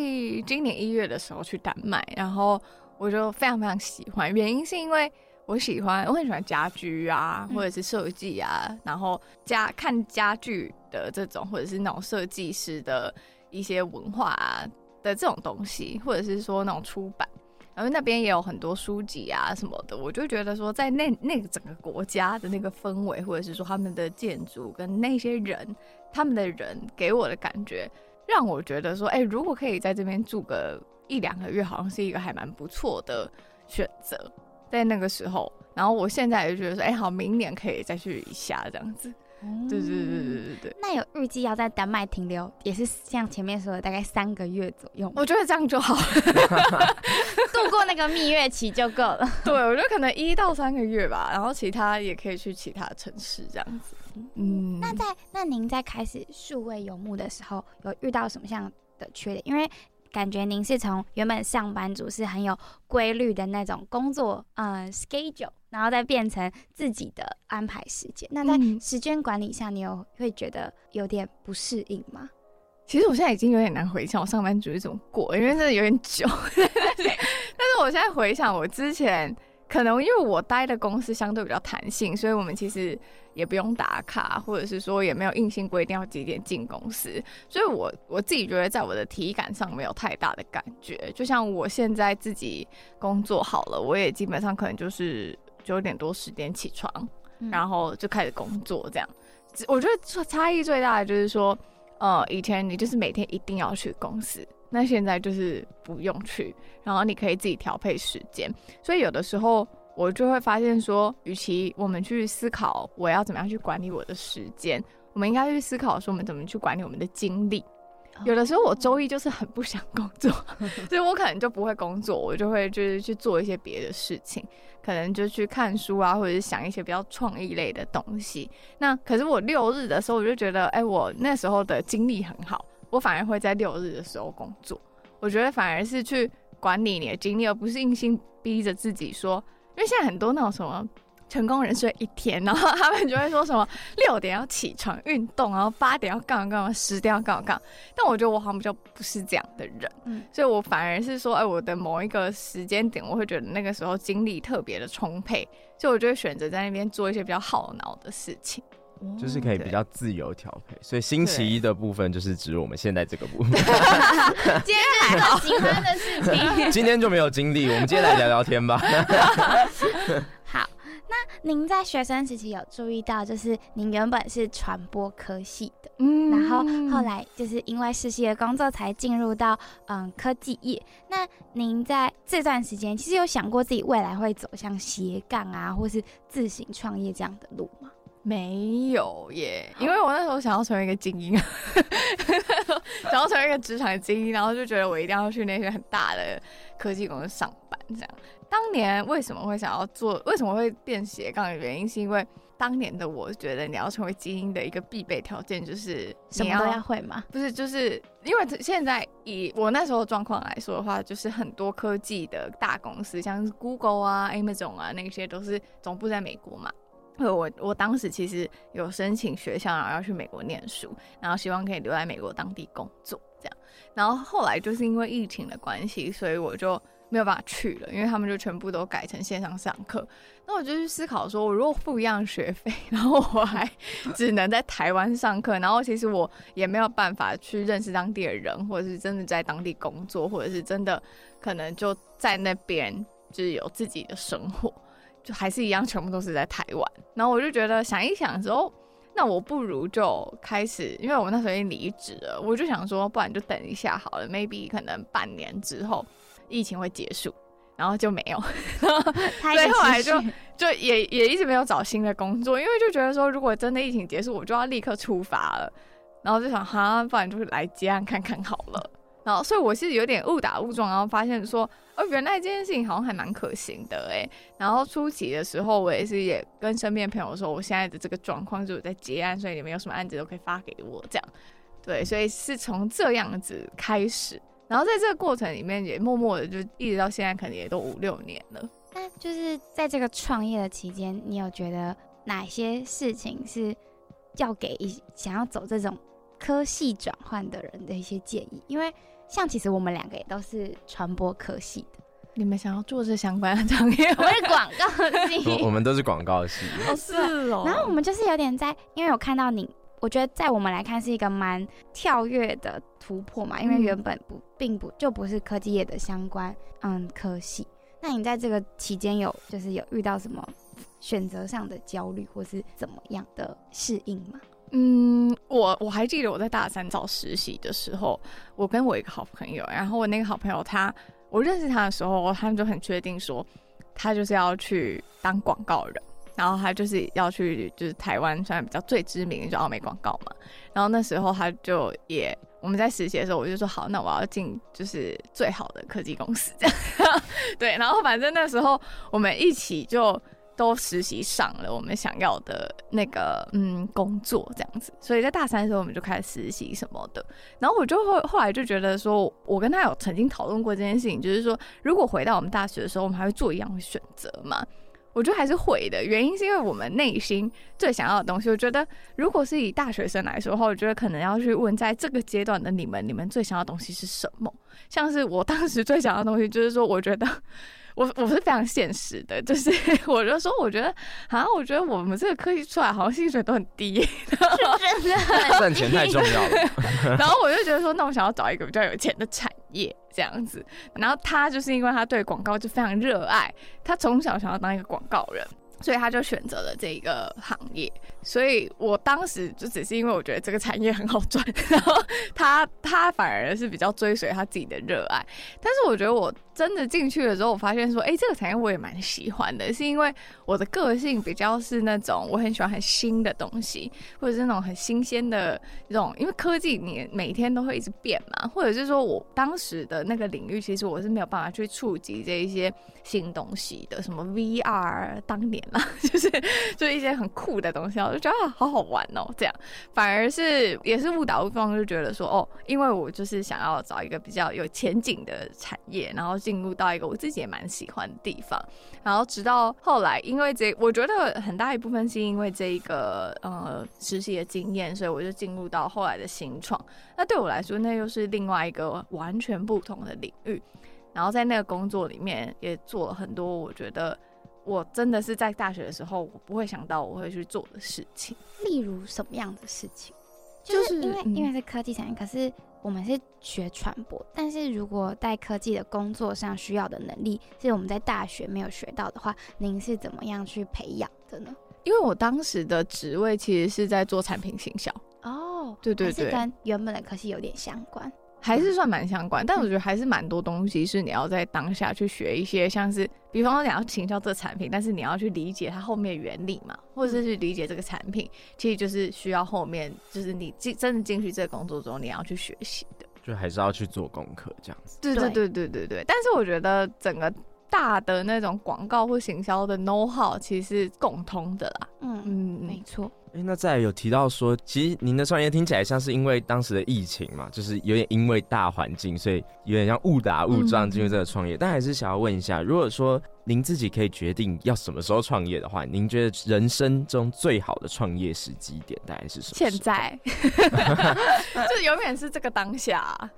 今年一月的時候去丹麥，然後我就非常非常喜歡，原因是因為，我喜歡，我很喜歡家居啊，或者是設計啊，嗯、然後家看家具的這種，或者是那種設計師的一些文化啊的這種東西，或者是說那種出版，然後那邊也有很多書籍啊什麼的。我就覺得說，在那那個整個國家的那個氛圍，或者是說他們的建築跟那些人，他們的人給我的感覺，讓我覺得說，哎、欸，如果可以在這邊住個一兩個月，好像是一個還蠻不錯的選擇。在那個時候，然後我現在也覺得說，哎、欸，好，明年可以再去一下這樣子。嗯、對對對對對對。那有預計要在丹麥停留，也是像前面說的大概三個月左右。我覺得這樣就好了， 度過那個蜜月期就夠了。對，我覺得可能一到三個月吧，然後其他也可以去其他城市這樣子。嗯，嗯，那在那您在開始數位游牧的時候，有遇到什麼樣的缺點？因為感覺您是從原本上班族是很有規律的那種工作，嗯，schedule，然後再變成自己的安排時間。那在時間管理上，嗯，你有會覺得有點不適應嗎？其實我現在已經有點難回想我上班族是怎麼過，因為真的有點久。但是我現在回想，我之前可能因為我待的公司相對比較彈性，所以我們其實。也不用打卡，或者是說也沒有硬性規定要幾點進公司，所以我，我我自己覺得在我的體感上沒有太大的感覺。就像我現在自己工作好了，我也基本上可能就是九點多十點起床，然後就開始工作這樣。嗯，我覺得差異最大的就是說，呃，以前你就是每天一定要去公司，那現在就是不用去，然後你可以自己調配時間。所以有的時候。我就會發現說，與其我們去思考我要怎麼樣去管理我的時間，我們應該去思考說我們怎麼去管理我們的精力。Oh. 有的時候我周一就是很不想工作， 所以我可能就不會工作，我就會就是去做一些別的事情，可能就去看書啊，或者是想一些比較創意類的東西。那可是我六日的時候，我就覺得哎、欸，我那時候的精力很好，我反而會在六日的時候工作。我覺得反而是去管理你的精力，而不是硬性逼着自己說。因為現在很多那種什麼成功人士的一天，然後他們就會說什麼六 點要起床運動，然後八點要幹嘛幹嘛，十點要幹嘛幹嘛。但我覺得我好像比較不是這樣的人，嗯、所以我反而是說，哎、欸，我的某一個時間點，我會覺得那個時候精力特別的充沛，所以我就會選擇在那邊做一些比較耗腦的事情。Oh, 就是可以比較自由調配，對所以星期一的部分就是指我們現在這個部分。喜歡對 的事情， 今天就沒有精力， 我們接下來聊聊天吧。 好，那您在學生時期有注意到，就是您原本是傳播科系的，嗯，然後後來就是因為實習的工作才進入到嗯科技業。那您在這段時間，其實有想過自己未來會走向斜槓啊，或是自行創業這樣的路嗎？沒有耶，好因為我那時候想要成為一個精英，好 想要成為一個職場的精英，然後就覺得我一定要去那些很大的科技公司上班。這樣，當年為什麼會想要做，為什麼會變斜槓的原因是因為當年的我覺得你要成為精英的一個必備條件就是什麼都要會嘛。不是，就是因為現在以我那時候狀況來說的話，就是很多科技的大公司，像 Google 啊、Amazon 啊那些都是總部在美國嘛。我我當時其實有申請學校，然後要去美國唸書，然後希望可以留在美國當地工作這樣。然後後來就是因為疫情的關係，所以我就沒有辦法去了，因為他們就全部都改成線上上課。那我就去思考說，我如果付一樣學費，然後我還 只能在台灣上課，然後其實我也沒有辦法去認識當地的人，或者是真的在當地工作，或者是真的可能就在那邊就是有自己的生活。就還是一樣，全部都是在台灣。然後我就覺得想一想之後，那我不如就開始，因為我們那時候已經離職了。我就想說，不然就等一下好了，maybe 可能半年之後疫情會結束，然後就沒有。 所以後來就就也也一直沒有找新的工作，因為就覺得說，如果真的疫情結束，我就要立刻出發了。然後就想，哈、啊，不然就來接案看看好了。然後，所以我是有點誤打誤撞，然後發現說，哦，原來這件事情好像還蠻可行的，欸，哎。然後初期的時候，我也是也跟身邊朋友說，我現在的這個狀況就是在接案，所以你們有什麼案子都可以發給我，這樣。對，所以是從這樣子開始。然後在這個過程裡面，也默默的就一直到現在，可能也都五六年了。那就是在這個創業的期間，你有覺得哪些事情是，要給一想要走這種科系轉換的人的一些建議？因為像其實我們兩個也都是傳播科系的。你們想要做這相關的專業，我是廣告系。 我們都是廣告系，oh, 是哦，喔。然後我們就是有點在，因為我看到你，我覺得在我們來看是一個蠻跳躍的突破嘛，因為原本不、嗯、並不就不是科技業的相關嗯科系。那你在這個期間有就是有遇到什麼選擇上的焦慮，或是怎麼樣的適應嗎？嗯，我我還記得我在大三找實習的時候，我跟我一個好朋友，然後我那個好朋友他，我認識他的時候，他就很確定說，他就是要去當廣告人，然後他就是要去就是台灣算比較最知名的就是奧美廣告嘛，然後那時候他就也我們在實習的時候，我就說好，那我要進就是最好的科技公司這樣， 對，然後反正那時候我們一起就。都實習上了，我們想要的那個嗯工作，這樣子，所以在大三的時候我們就開始實習什麼的。然後我就後後來就覺得，說我跟他有曾經討論過這件事情，就是說如果回到我們大學的時候，我們還會做一樣的選擇嗎？我覺得還是會的，原因是因為我們內心最想要的東西。我覺得如果是以大學生來說的話，我覺得可能要去問，在這個階段的你們，你們最想要的東西是什麼？像是我當時最想要的東西，就是說我覺得。 我我是非常現實的，就是我就說，我覺得好像我覺得我們這個科技出來好像薪水都很低，賺錢太重要了。 然後我就覺得說，那我想要找一個比較有錢的產業這樣子。然後他就是因為他對廣告就非常熱愛，他從小想要當一個廣告人。所以他就選擇了這個行業。所以我當時就只是因為我覺得這個產業很好賺，然後他他反而是比較追隨他自己的熱愛。但是我覺得我真的進去了之後，我發現說，哎、欸，這個產業我也蠻喜歡的，是因為我的個性比較是那種我很喜歡很新的東西，或者是那種很新鮮的這種，因為科技你每天都會一直變嘛，或者是說我當時的那個領域，其實我是沒有辦法去觸及這一些新東西的，什麼 VR，當年。 就是就是一些很酷的東西，我就覺得啊，好好玩哦。這樣。反而是也是誤打誤撞，就覺得說哦，因為我就是想要找一個比較有前景的產業，然後進入到一個我自己也蠻喜歡的地方。然後直到後來，因為這我覺得很大一部分是因為這一個呃實習的經驗，所以我就進入到後來的新創。那對我來說，那又是另外一個完全不同的領域。然後在那個工作裡面也做了很多，我覺得。我真的是在大學的時候，我不會想到我會去做的事情。例如什麼樣的事情？就是、就是因為、嗯、因為是科技產業，可是我們是學傳播，但是如果在科技的工作上需要的能力是我們在大學沒有學到的話，您是怎麼樣去培養的呢？因為我當時的職位其實是在做產品行銷哦，對對對，但是跟原本的科技有點相關。還是算蠻相關，但我覺得還是蠻多東西是你要在當下去學一些，像是比方說你要請教這個產品，但是你要去理解它後面原理嘛，或者是去理解這個產品，其實就是需要後面就是你進真的進去這個工作中你要去學習的，就還是要去做功課這樣子。對對對對對對，但是我覺得整個。大的那種廣告或行銷的 know how 其實是共通的啦，嗯嗯，嗯沒錯錯。哎、欸，那再有提到說，其實您的創業聽起來像是因為當時的疫情嘛，就是有點因為大環境，所以有點像誤打誤撞進入這個創業。嗯、哼但還是想要問一下，如果說您自己可以決定要什麼時候創業的話，您覺得人生中最好的創業時機點大概是什麼時候？現在， 就永遠是這個當下、啊。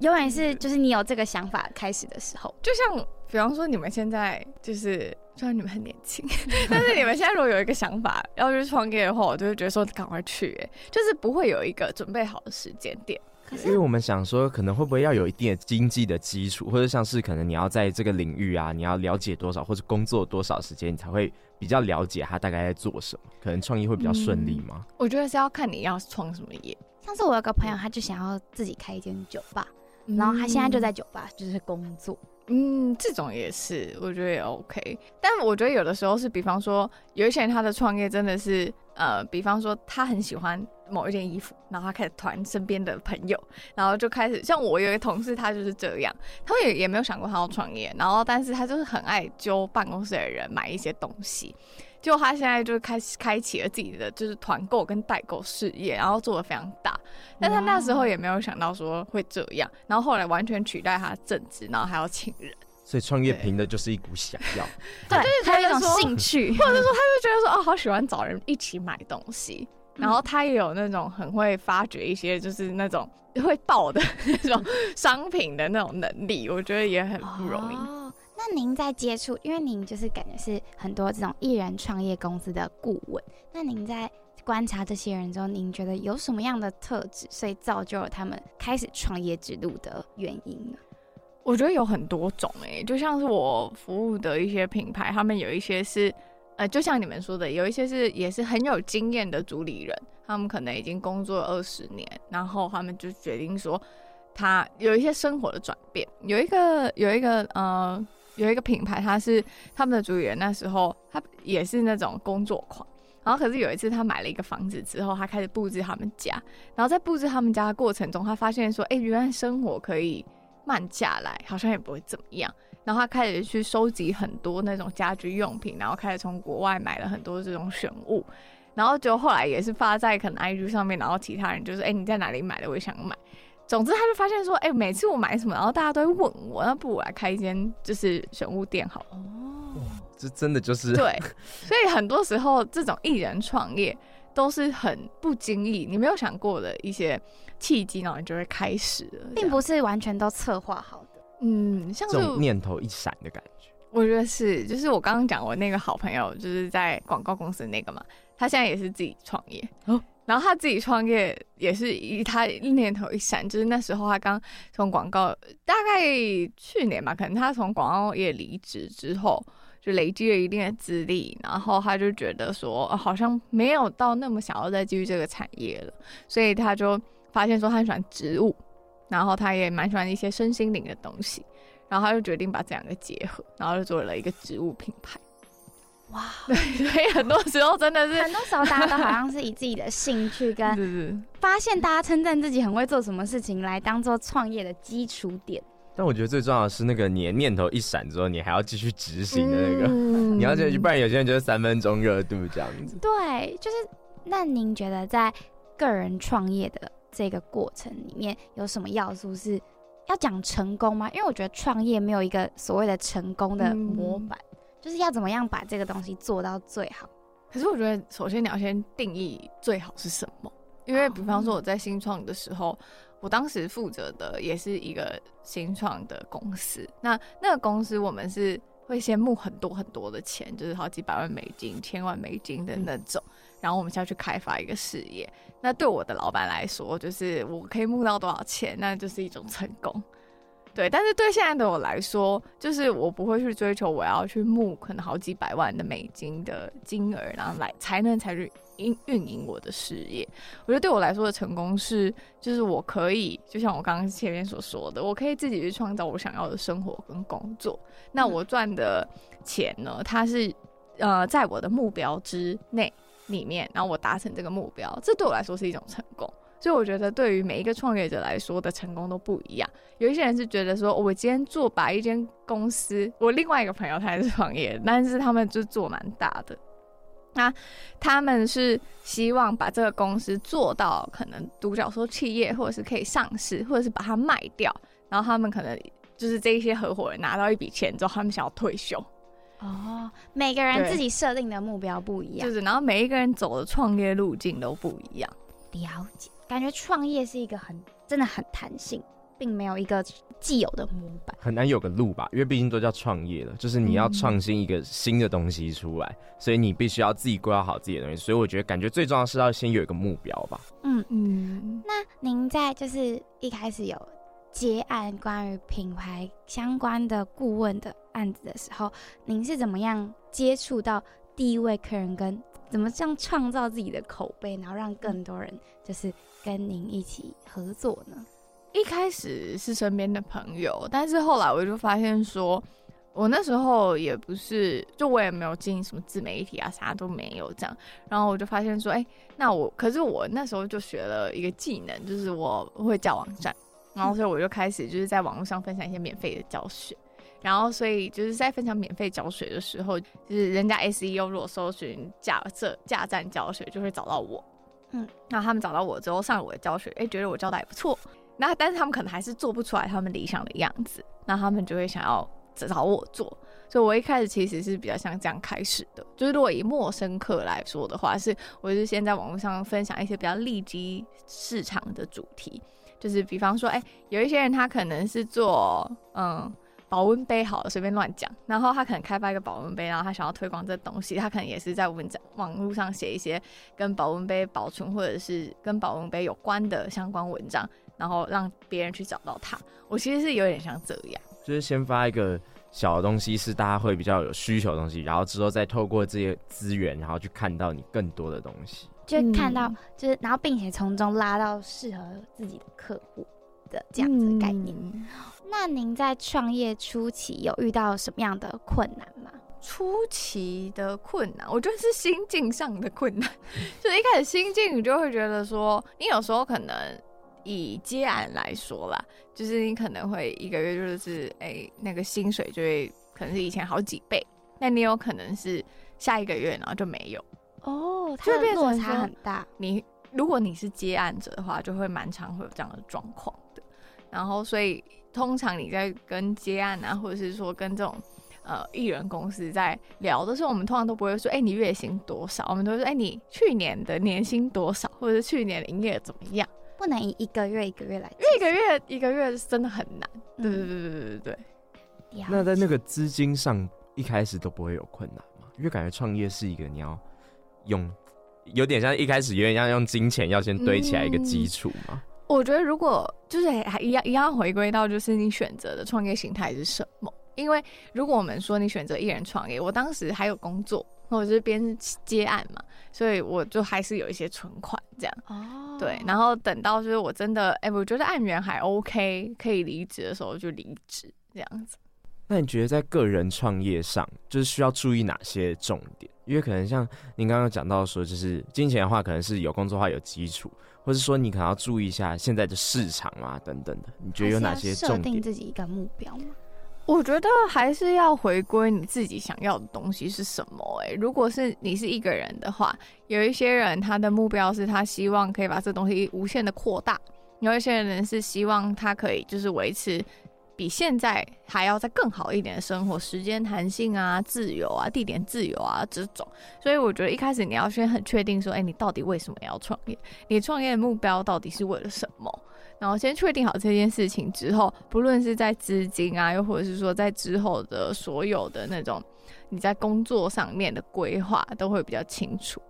永遠是就是你有這個想法開始的時候，嗯、就像比方說你們現在就是雖然你們很年輕， 但是你們現在如果有一個想法要去創業的話，我就會覺得說趕快去，就是不會有一個準備好的時間點。可是因為我們想說，可能會不會要有一定的經濟的基礎，或者像是可能你要在這個領域啊，你要了解多少，或者工作多少時間，你才會比較了解他大概在做什麼，可能創業會比較順利嗎、嗯？我覺得是要看你要創什麼業。上次我有個朋友，他就想要自己開一間酒吧。然後他現在就在酒吧，嗯、就是工作。嗯，這種也是，我覺得也 OK。但我覺得有的時候是，比方說有一些人他的創業真的是，呃，比方說他很喜歡某一件衣服，然後他開始團身邊的朋友，然後就開始。像我有一個同事，他就是這樣，他也也沒有想過他要創業，然後但是他就是很愛揪辦公室的人買一些東西。就他現在就開開啟了自己的就是團購跟代購事業，然後做的非常大。但他那時候也沒有想到說會這樣，然後後來完全取代他正職，然後還要請人。所以創業憑的就是一股想要，對， 對他有一種興趣， 或者說他就覺得說哦，好喜歡找人一起買東西，然後他也有那種很會發掘一些就是那種會爆的那種商品的那種能力，我覺得也很不容易。那您在接觸，因為您就是感覺是很多這種藝人創業公司的顧問。那您在觀察這些人中，您覺得有什麼樣的特質，所以造就了他們開始創業之路的原因呢？我覺得有很多種誒、欸，就像是我服務的一些品牌，他們有一些是，呃，就像你們說的，有一些是也是很有經驗的主理人，他們可能已經工作了二十年，然後他們就決定說，他有一些生活的轉變，有一個有一個呃。有一個品牌，他是他們的主理人。那時候他也是那種工作狂，然後可是有一次他買了一個房子之後，他開始佈置他們家。然後在佈置他們家的過程中，他發現說：“哎、欸，原來生活可以慢下來，好像也不會怎麼樣。”然後他開始去收集很多那種家居用品，然後開始從國外買了很多這種選物。然後就後來也是發在可能 IG 上面，然後其他人就是：欸「哎，你在哪裡買的？我也想買。”總之，他就發現說，哎、欸，每次我買什麼，然後大家都會問我，那不如我來開一間就是選物店好了。哦，這真的就是對。所以很多時候，這種一人創業都是很不經意，你沒有想過的一些契機，然後你就會開始了，並不是完全都策劃好的。嗯，像是我這種念頭一閃的感覺，我覺得是。就是我剛剛講，我那個好朋友，就是在廣告公司那個嘛，他現在也是自己創業然後他自己創業也是一，他念頭一閃，就是那時候他剛從廣告，大概去年吧，可能他從廣告業離職之後，就累積了一定的資歷，然後他就覺得說、啊、好像沒有到那麼想要再繼續這個產業了，所以他就發現說他很喜歡植物，然後他也蠻喜歡一些身心靈的東西，然後他就決定把這兩個結合，然後就做了一個植物品牌。哇，wow, 對，所以很多時候真的是 很多時候大家都好像是以自己的興趣跟發現，大家稱讚自己很會做什麼事情來當做創業的基礎點。但我覺得最重要的是那個你念頭一閃之後，你還要繼續執行的那個，嗯、你要記得，不然有些人就是三分鐘熱度這樣子。對，就是那您覺得在個人創業的這個過程裡面，有什麼要素是要講成功嗎？因為我覺得創業沒有一個所謂的成功的模板。嗯就是要怎麼樣把這個東西做到最好？可是我覺得，首先你要先定義最好是什麼。因為，比方說我在新創的時候，我當時負責的也是一個新創的公司。那那個公司我們是會先募很多很多的錢，就是好幾百萬美金、千萬美金的那種。然後我們下去開發一個事業。那對我的老板來說，就是我可以募到多少錢，那就是一種成功。對，但是對現在的我來說，就是我不會去追求我要去募可能好幾百萬的美金的金額，然後來才能才去運運營我的事業。我覺得對我來說的成功是，就是我可以，就像我剛剛前面所說的，我可以自己去創造我想要的生活跟工作。嗯、那我賺的錢呢，它是呃在我的目標之內裡面，然後我達成這個目標，這對我來說是一種成功。所以我覺得，對於每一個創業者來說的成功都不一樣。有一些人是覺得說，我今天做把一間公司。我另外一個朋友他也是創業，但是他們就做蠻大的。那他們是希望把這個公司做到可能獨角獸企業，或者是可以上市，或者是把它賣掉。然後他們可能就是這一些合夥人拿到一筆錢之後，他們想要退休。哦，每個人自己設定的目標不一樣，就是然後每一個人走的創業路徑都不一樣。了解。感覺創業是一個很，真的很彈性，並沒有一個既有的模板，很難有個路吧，因為畢竟都叫創業了，就是你要創新一個新的東西出來，嗯、所以你必須要自己規劃好自己的東西。所以我覺得感覺最重要是要先有一個目標吧。嗯嗯，那您在就是一開始有接案關於品牌相關的顧問的案子的時候，您是怎麼樣接觸到第一位客人跟？怎麼這樣創造自己的口碑，然後讓更多人就是跟您一起合作呢？一開始是身邊的朋友，但是後來我就發現說，我那時候也不是，就我也沒有經營什麼自媒體啊，啥都沒有這樣。然後我就發現說，哎、欸，那我可是我那時候就學了一個技能，就是我會教網站，然後所以我就開始就是在網絡上分享一些免費的教學。然後，所以就是在分享免費教學的時候，就是人家 SEO 如果搜尋架設架站教學，就會找到我。嗯，那他們找到我之後，上了我的教學，哎、欸，覺得我教的還不錯。那但是他們可能還是做不出來他們理想的樣子，那他們就會想要找我做。所以，我一開始其實是比較像這樣開始的，就是如果以陌生客來說的話，是我就先在網絡上分享一些比較利基市場的主題，就是比方說，哎、欸，有一些人他可能是做，嗯。保溫杯好了，隨便亂講。然後他可能開發一個保溫杯，然後他想要推廣這東西，他可能也是在網網路上寫一些跟保溫杯保存或者是跟保溫杯有關的相關文章，然後讓別人去找到他。我其實是有點像這樣，就是先發一個小的東西，是大家會比較有需求的東西，然後之後再透過這些資源，然後去看到你更多的東西，就看到就是，然後並且從中拉到適合自己的客戶的這樣子的概念，嗯、那您在創業初期有遇到什麼樣的困難嗎？初期的困難，我覺得是心境上的困難。 就是一開始心境你就會覺得說，你有時候可能以接案來說啦，就是你可能會一個月就是哎、欸、那個薪水就會可能是以前好幾倍，那你有可能是下一個月然後就沒有哦，他的落差就是、落差很大。你如果你是接案者的話，就會蠻常會有這樣的狀況。然後，所以通常你在跟接案啊，或者是說跟這種呃藝人公司在聊的時候，我們通常都不會說，哎、欸，你月薪多少？我們都會說，哎、欸，你去年的年薪多少，或者是去年的營業怎麼樣？不能以一個月一個月來一個月，一個月一個月是真的很難。對對、嗯、對對對對。了解。那在那個資金上，一開始都不會有困難嘛，因為感覺創業是一個你要用，有點像一開始有點像要用金錢要先堆起來一個基礎嘛。嗯我覺得，如果就是還一樣一樣回歸到，就是你選擇的創業形態是什麼？因為如果我們說你選擇一人創業，我當時還有工作，我是邊接案嘛，所以我就還是有一些存款這樣。哦。對，然後等到就是我真的哎、欸，我覺得案源還 OK，可以離職的時候就離職這樣子。那你覺得在個人創業上，就是需要注意哪些重點？因為可能像您剛剛講到說，就是金錢的話，可能是有工作的話有基礎。或是說你可能要注意一下現在的市場啊等等的，你覺得有哪些重點？設定自己一個目標嗎？我覺得還是要回歸你自己想要的東西是什麼、欸。哎，如果是你是一個人的話，有一些人他的目標是他希望可以把這東西無限的擴大，有一些人是希望他可以就是維持。比現在還要再更好一點的生活，時間彈性啊，自由啊，地點自由啊，這種。所以我覺得一開始你要先很確定說，哎、欸，你到底為什麼要創業？你創業的目標到底是為了什麼？然後先確定好這件事情之後，不論是在資金啊，又或者是說在之後的所有的那種你在工作上面的規劃，都會比較清楚。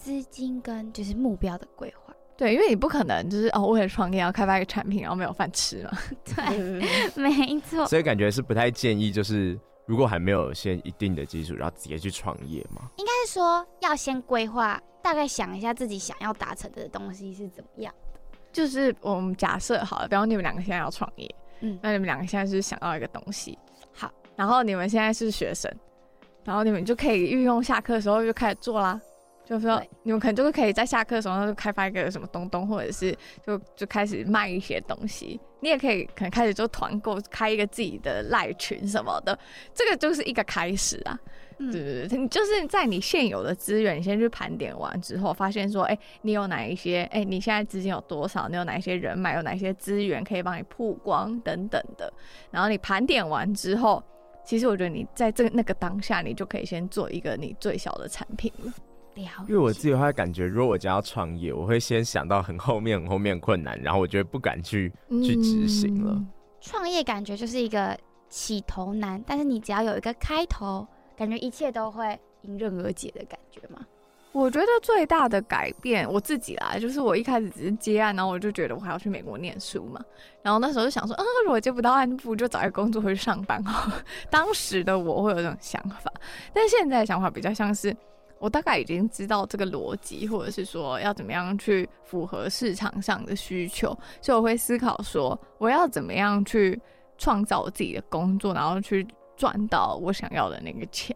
資金跟就是目標的規劃。對，因為你不可能就是哦，為了創業要開發一個產品，然後沒有飯吃嘛。對、嗯。 沒錯，所以感覺是不太建議，就是如果還沒有先一定的基礎，然後直接去創業嗎？應該是說要先規劃，大概想一下自己想要達成的東西是怎麼樣的。就是我們假設好了，比方你們兩個現在要創業，嗯，那你們兩個現在是想要一個東西，好，然後你們現在是學生，然後你們就可以運用下課的時候就開始做啦。就是說，你們可能就是可以在下課的時候就開發一個什麼東東，或者是就就開始賣一些東西。你也可以可能開始做團購，開一個自己的賴群什麼的，這個就是一個開始啊。對對對，你就是在你現有的資源，你先去盤點完之後，發現說，哎，你有哪一些？哎，你現在資金有多少？你有哪一些人脈？有哪一些資源可以幫你曝光等等的？然後你盤點完之後，其實我覺得你在這個那個當下，你就可以先做一個你最小的產品了。因為我自己會感覺，如果我想要創業，我會先想到很後面、很後面困難，然後我覺得不敢去、嗯、去執行了。創業感覺就是一個起頭難，但是你只要有一個開頭，感覺一切都會迎刃而解的感覺嘛？我覺得最大的改變我自己啦，就是我一開始只是接案，然後我就覺得我還要去美國念書嘛，然後那時候就想說，嗯，如果接不到案，不就找一個工作回去上班哦，當時的我會有這種想法，但現在的想法比較像是。我大概已經知道這個邏輯，或者是說要怎麼樣去符合市場上的需求，所以我會思考說我要怎麼樣去創造我自己的工作，然後去賺到我想要的那個錢，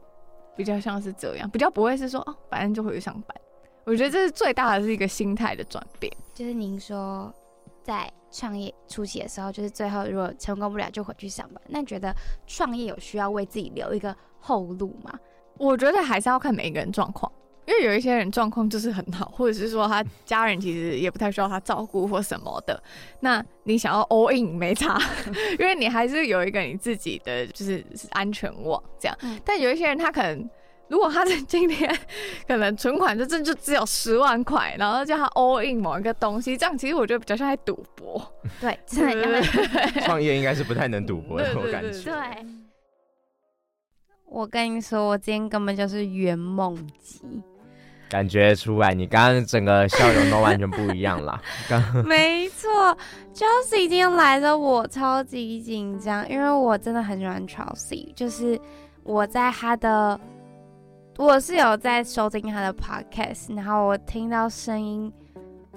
比較像是這樣，比較不會是說哦，反正就回去上班。我覺得這是最大的是一個心態的轉變。就是您說在創業初期的時候，就是最後如果成功不了就回去上班，那你覺得創業有需要為自己留一個後路嗎？我覺得還是要看每一個人狀況，因為有一些人狀況就是很好，或者是說他家人其實也不太需要他照顧或什麼的。那你想要 all in 沒差， 因為你還是有一個你自己的就是安全網這樣。但有一些人他可能，如果他在今天可能存款就真就只有十萬塊，然後叫他 all in 某一個東西，這樣其實我覺得比較像在賭博。對，真的。創業應該是不太能賭博的，我感覺。對，對。我跟你說，我今天根本就是圓夢級，感覺出來，你剛剛整個笑容都完全不一樣了。 剛沒錯，Chelsea 今天來了我超級緊張，因為我真的很喜歡 Chelsea，就是我在他的，我是有在收聽他的 Podcast，然後我聽到聲音，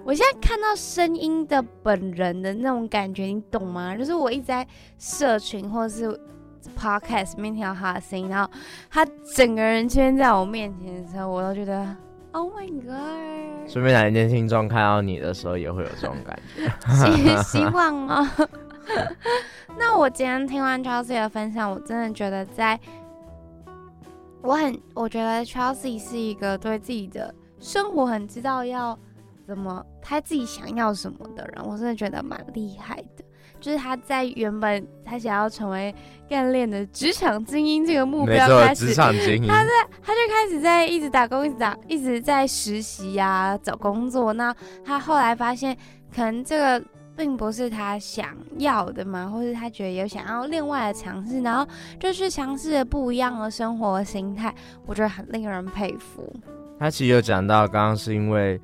我現在看到聲音的本人的那種感覺，你懂嗎？就是我一直在社群或者是。Podcast，聽到他的聲音，然後他整個人出現在我面前的時候，我都覺得 Oh my God！順便，哪一天聽眾看到你的時候，也會有這種感覺。 希望哦。那我今天聽完 Chelsea 的分享，我真的覺得，在我很我覺得 Chelsea 是一個對自己的生活很知道要怎麼他自己想要什麼的人，我真的覺得蠻厲害的。就是他在原本他想要成為幹練的職場精英，這個目標開始。沒錯，他，是，職場精英。他在他就開始在一直打工，一直打，一直在實習呀、啊，找工作。那他後來發現，可能這個並不是他想要的嘛，或是他覺得有想要另外的嘗試，然後就是嘗試了不一樣的生活的心態。我覺得很令人佩服。他其實有講到，剛剛是因為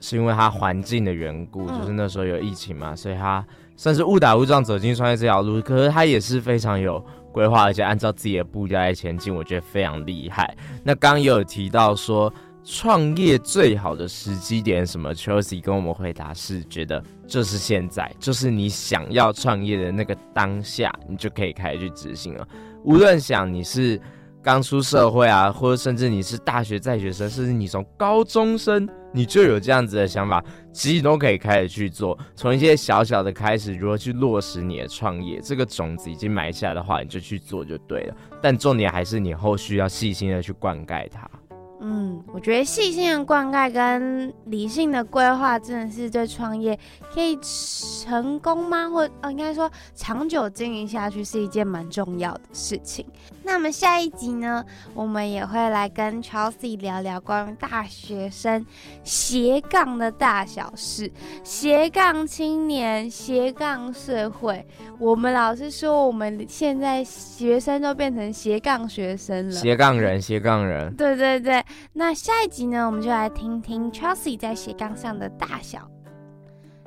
是因為他環境的緣故，嗯、就是那時候有疫情嘛，所以他。算是誤打誤撞走進創業這條路，可是他也是非常有規劃，而且按照自己的步調來前進，我覺得非常厲害。那剛剛也有提到說，創業最好的時機點什麼？Chelsea 跟我們回答是覺得就是現在，就是你想要創業的那個當下，你就可以開始去執行了。無論想你是。剛出社會啊，或者甚至你是大學在學生，甚至你從高中生，你就有這樣子的想法，其實都可以開始去做。從一些小小的開始，如何去落實你的創業，這個種子已經埋下的話，你就去做就對了。但重點還是你後續要細心的去灌溉它。嗯，我覺得細心的灌溉跟理性的規劃真的是對創業可以成功嗎？或哦、呃，應該說長久經營下去是一件蠻重要的事情。那麼下一集呢，我們也會來跟 Chelsea 聊聊關於大學生斜槓的大小事、斜槓青年、斜槓社會。我們老師說，我們現在學生都變成斜槓學生了，斜槓人、斜槓人。對對對。那下一集呢，我們就來聽聽 Chelsea 在斜槓上的大小。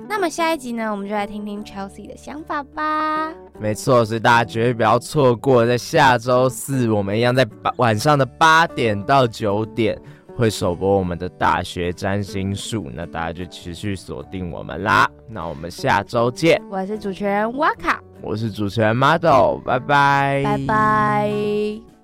那麼下一集呢，我們就來聽聽 Chelsea 的想法吧。沒錯，所以大家絕對不要錯過，在下周四，我們一樣在晚上的八點到九點會首播我們的大學占星術。那大家就持續鎖定我們啦。那我們下周見。我是主持人 Waka，我是主持人馬斗，拜拜。拜拜。